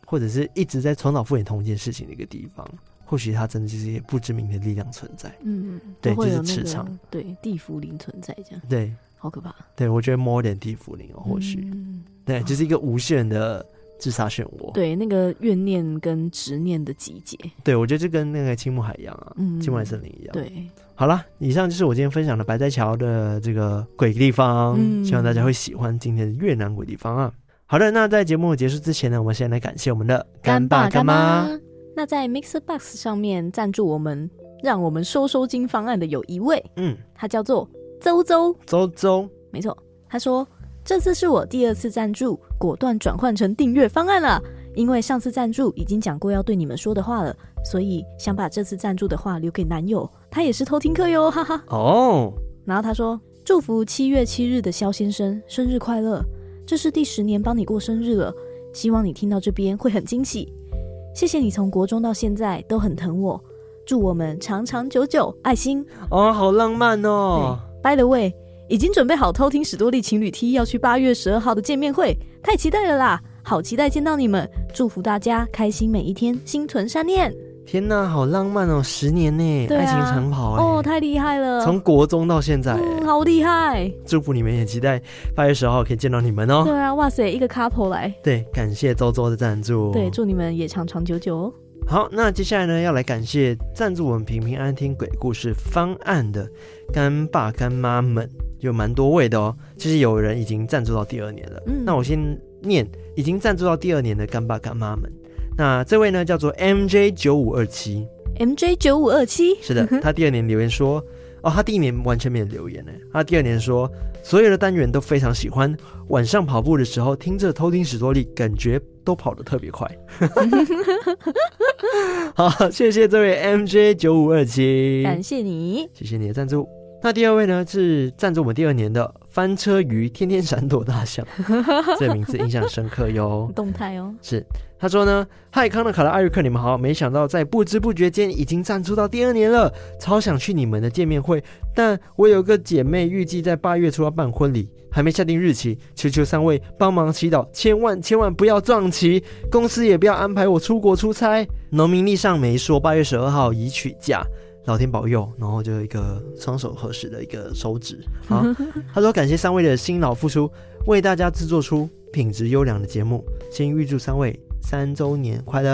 或者是一直在重蹈覆轍同一件事情的一個地方，或許她真的就是一些不知名的力量存在。嗯嗯，那個、對，就是磁場，對，地縛靈存在這樣。對。好可怕，對我覺得 more than T 哦，ing, 或許，嗯、對，這、嗯、是一個無限的自殺漩渦，對，那個怨念跟執念的集結，對我覺得就跟那個青木海一樣啊，嗯，青木海森林一樣，對，好啦，以上就是我今天分享的白齋橋的這個鬼地方，嗯、希望大家會喜歡今天的越南鬼地方啊。好的，那在節目結束之前呢，我們先來感謝我們的乾爸乾媽，乾乾媽那在 Mix、er、Box 上面贊助我們，讓我們收收金方案的有一位，嗯，他叫做。週週，週週，沒錯。他說，這次是我第二次贊助，果斷轉換成訂閱方案了。因為上次贊助已經講過要對你們說的話了，所以想把這次贊助的話留給男友。他也是偷聽客喲，哈哈。哦。然後他說祝福七月七日的肖先生生日快樂，這是第十年幫你過生日了，希望你聽到這邊會很驚喜。謝謝你從國中到現在都很疼我，祝我們長長久久，愛心。哦，好浪漫哦。By the way，已經準備好偷聽史多利情侶 T 要去八月十二號的見面會，太期待了啦！好期待見到你們，祝福大家開心每一天，心存善念。天哪，好浪漫哦！十年呢，啊、愛情長跑哦，太厲害了，從國中到現在、嗯，好厲害！祝福你們，也期待八月十二號可以見到你們哦。對啊，哇塞，一個 couple 來。對，感謝周周的贊助。對，祝你們也長長久久哦。好，那接下來呢，要來感謝贊助我們平平安安聽鬼故事方案的乾爸乾媽們，有蠻多位的哦。其實有人已經贊助到第二年了。嗯，那我先念已經贊助到第二年的乾爸乾媽們。那這位呢，叫做 MJ 九五二七，MJ 九五二七，是的，他第二年留言說， 哦，他第一年完全沒有留言呢，他第二年說所有的單元都非常喜歡，晚上跑步的時候聽着偷聽史多利，感覺。都跑得特別快， 好，謝謝這位 MJ 九五二七，感謝你，謝謝你的贊助。那第二位呢，是贊助我們第二年的翻車魚，天天閃躲大象。 這名字印象深刻喲， 動態哦。是他說呢，嗨，康的卡拉艾瑞克，你們好。沒想到在不知不覺間已經贊助到第二年了，超想去你們的見面會。但我有個姐妹預計在八月初要辦婚禮，還沒下定日期，求求三位幫忙祈禱，千萬千萬不要撞期，公司也不要安排我出國出差。農民曆上沒說八月十二號宜娶嫁。老天保佑，然後就有一個雙手合十的一個手指啊，他說，感謝三位的辛勞付出，為大家制作出品質優良的節目，先預祝三位三周年快樂，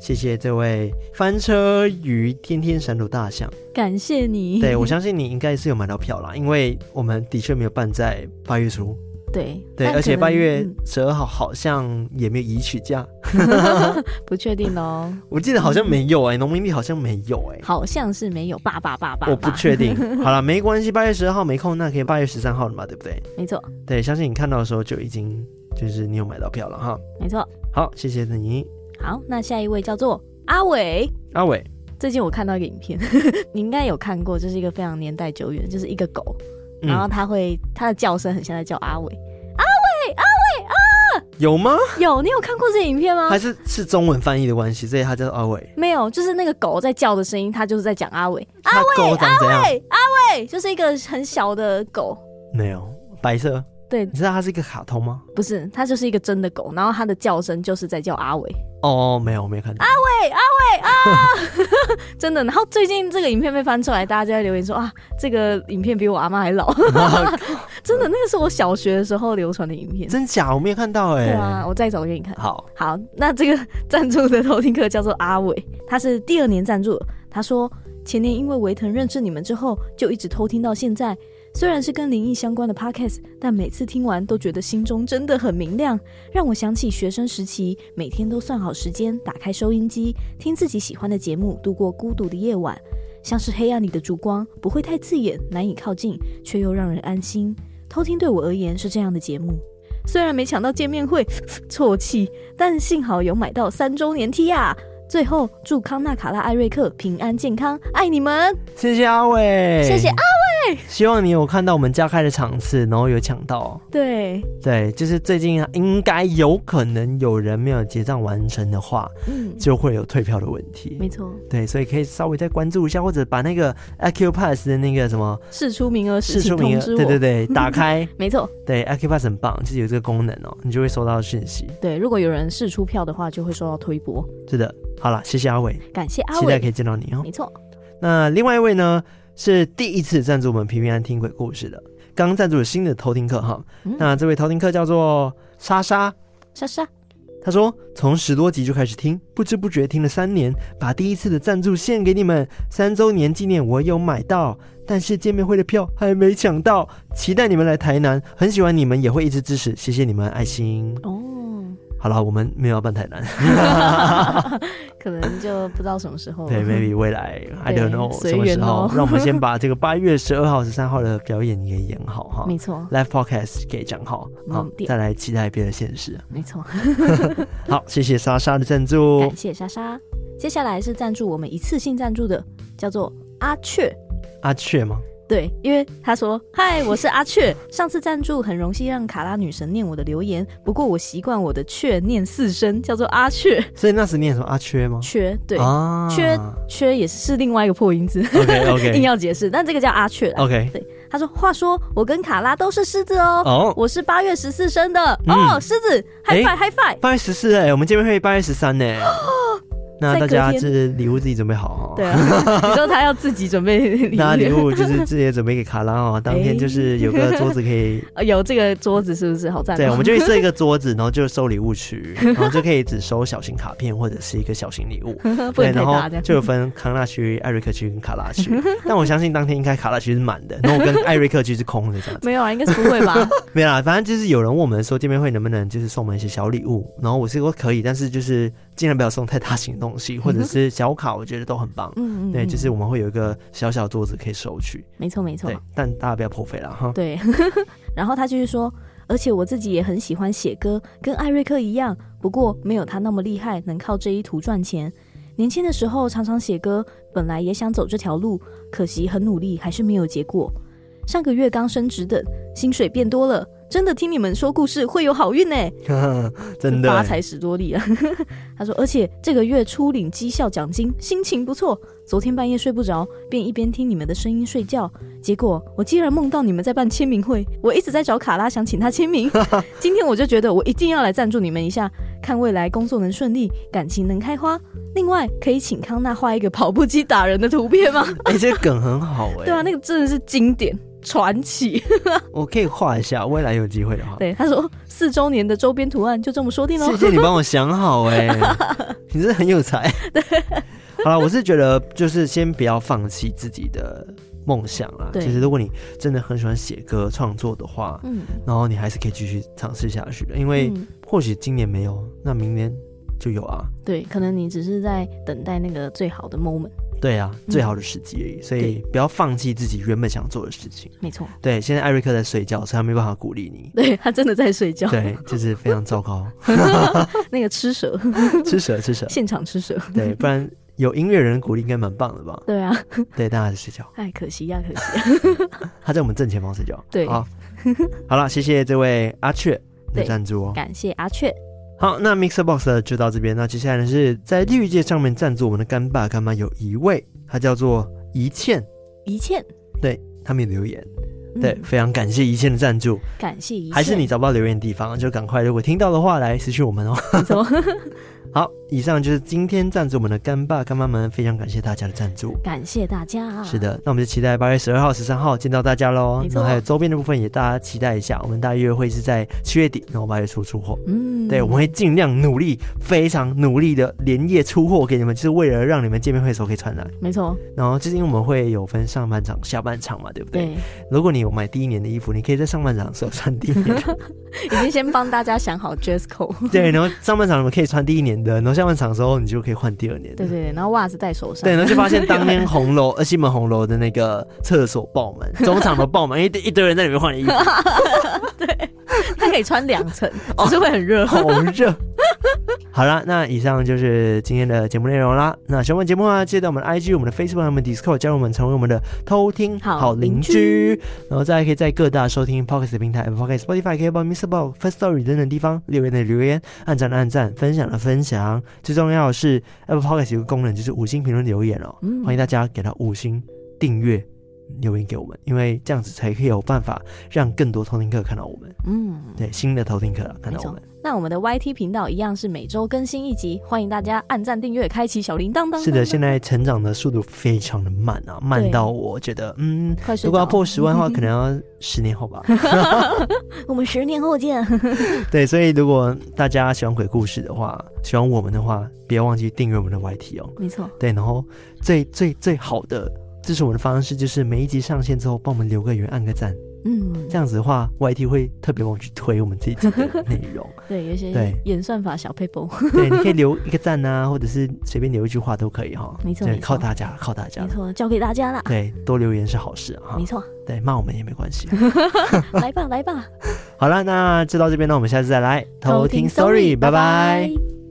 謝謝這位翻車魚天天閃躲大象，感謝你，對，我相信你應該是有買到票啦，因為我們的確沒有辦在八月初。對對，而且八月十二號好像也沒有移取價，嗯、 不確定哦。我記得好像沒有哎、欸，農民幣好像沒有哎、欸，好像是沒有，爸爸爸爸，爸。我不確定。好了，沒關係，八月十二號沒空，那可以八月十三號了嘛，對不對？沒錯錯，對，相信你看到的時候就已經就是你有買到票了哈。沒錯錯，好，謝謝你。好，那下一位叫做阿偉。阿偉瑋，最近我看到一個影片， 你應該有看過，就是一個非常年代久遠，就是一個狗。然後他會，嗯、他的叫聲很像在叫阿偉，阿偉，阿偉，阿、啊、有嗎？有，你有看過這影片嗎？還是是中文翻譯的關係？所以他叫阿偉，沒有，就是那個狗在叫的聲音，他就是在講阿偉，阿偉，阿偉，阿偉，就是一個很小的狗，沒有，白色。對，你知道它是一個卡通嗎？不是，它就是一個真的狗，然後它的叫聲就是在叫阿偉。哦，沒有，我沒有看到。阿偉，阿偉，啊！ 真的。然後最近這個影片被翻出來，大家就在留言說啊，這個影片比我阿嬤還老。 oh、God. 真的，那個是我小學的時候流傳的影片。真假？我沒有看到哎、欸。對啊，我再找給你看。好，好。那這個贊助的偷聽客叫做阿偉，他是第二年贊助。他說前年因為維騰認識你們之後，就一直偷聽到現在。雖然是跟靈異相關的 podcast，但每次聽完都覺得心中真的很明亮，讓我想起學生時期每天都算好時間打開收音機聽自己喜歡的節目度過孤獨的夜晚，像是黑暗裡的燭光，不會太刺眼難以靠近，卻又讓人安心。偷聽對我而言是這樣的節目，雖然沒搶到見面會， 啜泣，但幸好有買到三周年 T 啊！最後祝康納、卡拉、艾瑞克平安健康，愛你們！謝謝阿偉，謝謝阿偉。希望你有看到我們加開的場次，然後有搶到、喔。對對，就是最近應該有可能有人沒有結賬完成的話，嗯、就會有退票的問題。沒錯錯，對，所以可以稍微再關注一下，或者把那個 Acupass 的那個什麼釋出名額、釋出名額，對對對，打開。 沒錯錯，對 Acupass 很棒，就有這個功能哦、喔，你就會收到訊息。對，如果有人釋出票的話，就會收到推播。是的，好了，謝謝阿偉，感謝阿偉，期待可以見到你哦、喔。沒錯錯，那另外一位呢？是第一次贊助我們平平安安聽鬼故事的，剛贊助了新的偷聽客，哈、嗯。那這位偷聽客叫做莎莎，莎莎，她說從十多集就開始聽，不知不覺聽了三年，把第一次的贊助獻給你們，三周年紀念我有買到，但是見面會的票還沒搶到，期待你們來台南，很喜歡你們，也會一直支持，謝謝你們愛心哦。好了，我們沒有要辦台南， 可能就不知道什麼時候。對，maybe 未來 ，I don't know 對什麼時候。緣哦、 讓我們先把這個八月十二號、十三號的表演給演好哈，沒錯錯。Live podcast 給講好，嗯、好，再來期待別的現實。沒錯、嗯， 好，謝謝莎莎的贊助，感謝莎莎。接下來是贊助我們一次性贊助的，叫做阿雀，阿雀嗎？對，因為他說嗨，我是阿雀。上次贊助，很榮幸讓卡拉女神念我的留言，不過我習慣我的雀念四聲，叫做阿雀。所以那時念什麼阿雀嗎？雀對，雀雀、啊、也是，是另外一個破音字，一定、okay, okay 要解釋。但這個叫阿雀。OK，對，他說，話說我跟卡拉都是獅子哦，oh、我是八月十四生的、嗯、哦，獅子，嗨嗨嗨，八月十四哎，我們見面會八月十三呢。 那大家就是禮物自己準備好。哦。隔 對啊，你說他要自己準備。那禮物就是自己也準備給卡拉哦。當天就是有個桌子可以。 有這個桌子是不是好讚？對，我們就會設一個桌子，然後就收禮物區，然後就可以只收小型卡片或者是一個小型禮物。 啊、對，然後就有分康納區、艾瑞克區跟卡拉區。 但我相信當天應該卡拉區是滿的，然後我跟艾瑞克區是空的這樣子。沒有啊，應該是不會吧？ 沒有啊，反正就是有人問我們說見面會能不能就是送我們一些小禮物，然後我是說可以，但是就是。盡量不要送太大型東西，或者是小卡，我覺得都很棒。嗯，嗯嗯，對，就是我們會有一個小小桌子可以收取。沒錯，沒錯。對，但大家不要破費了哈。對。 然後他繼續說，而且我自己也很喜歡寫歌，跟艾瑞克一樣，不過沒有他那麼厲害，能靠這一途賺錢。年輕的時候常常寫歌，本來也想走這條路，可惜很努力還是沒有結果。上個月剛升職的，薪水變多了。真的聽你們說故事會有好運呢、欸，真的真發財史多利啊！ 他說，而且這個月初領績效獎金，心情不錯。昨天半夜睡不着，便一邊聽你們的聲音睡覺，結果我竟然夢到你們在辦簽名會，我一直在找卡拉想請他簽名。 今天我就覺得我一定要來贊助你們一下，看未來工作能順利，感情能開花。另外，可以請康納畫一個跑步機打人的圖片嗎？哎、 欸，這個梗很好哎、欸，對啊，那個真的是經典。傳傳奇， 我可以畫一下。未來有機會的話，對他說四周年的周邊圖案就這麼說定了。謝謝你幫我想好哎， 你真的很有才。對好啦，我是覺得就是先不要放棄自己的夢想啊。其實對如果你真的很喜歡寫歌創作的話，嗯對，然後你還是可以繼續嘗試下去的，嗯、因為或許今年沒有，那明年就有啊。對，可能你只是在等待那個最好的 moment。對啊，最好的時機而已，所以不要放棄自己原本想做的事情。沒錯。對，現在艾瑞克在睡覺，所以他沒辦法鼓勵你。對，他真的在睡覺。對，就是非常糟糕。那個吃蛇，吃蛇，吃蛇，現場吃蛇。對，不然有音樂人的鼓勵應該蠻棒的吧？對啊，對，但他在睡覺。哎，可惜呀，可惜。他在我們正前方睡覺。對啊。好了，謝謝這位阿雀的贊助哦。感謝阿雀。好，那 Mixer Box 就到這邊。那接下來呢，是在綠界上面贊助我們的乾爸乾媽有一位，他叫做一倩一倩歉，對，他們有留言，嗯、對，非常感謝一倩的贊助，感謝一茜，還是你找不到留言的地方，就趕快，如果聽到的話，來失去我們哦。 什麼 好，以上就是今天贊助我們的乾爸乾媽們，非常感謝大家的贊助，感謝大家。是的，那我們就期待八月十二號、十三號見到大家嘍。錯然後還有周邊的部分，也大家期待一下，我們大約會是在七月底，然後八月初出貨。嗯，對，我們會盡量努力，非常努力的連夜出貨給你們，就是為了讓你們見面會的時候可以穿來。沒錯錯。然後就是因為我們會有分上半場、下半場嘛，對不對？對。如果你有買第一年的衣服，你可以在上半場的時候穿第一年服。 已經先幫大家想好 dress code 對，然後上半場你們可以穿第一年。然後下半場的時候，你就可以換第二年。對,對對，然後襪子戴手上。對，然後就發現當天紅樓 對對呃西門紅樓的那個廁所爆滿，中場都爆滿， 因為一堆人在裡面換衣服。 對，他可以穿兩層， 只是會很熱。哦，好熱。 好啦，那以上就是今天的節目內容啦。那喜歡節目啊，記得我們 IG、我們的 Facebook、還有我們 Discord，加入我們，成為我們的偷聽好鄰居。然後大家可以在各大收聽 Podcast 的平台，Apple Podcast、Spotify、KKBOX、MixerBox、Firstory 等等地方留言的留言，按讚的按讚，分享的分享。最重要的是，Apple Podcast 有個功能，就是五星評論留言哦。嗯，歡迎大家給他五星訂閱留言給我們，因為這樣子才可以有辦法讓更多偷聽客看到我們。嗯，對，新的偷聽客看到我們。那我們的 YT 頻道一樣是每周更新一集，歡迎大家按讚訂閱，開啟小鈴鐺鐺。是的，現在成長的速度非常的慢啊，慢到我覺得，對嗯，快如果要破十萬的話，可能要十年後吧。我們十年後見。對，所以如果大家喜歡鬼故事的話，喜歡我們的話，別忘記訂閱我們的 YT 哦。沒錯錯。對，然後最最最好的，支持我們的方式就是每一集上線之後，幫我們留個言，按個讚。嗯，這樣子的話，YT 會特別幫去推我們這次的內容。對，有些對演算法小撇步，對，你可以留一個讚啊，或者是隨便留一句話都可以哈。沒錯，對，靠大家，靠大家。沒錯，交給大家了。對，多留言是好事哈。沒錯，對，罵我們也沒關係。來吧，來吧。好了，那就到這邊呢，我們下次再來偷聽 Story，拜拜。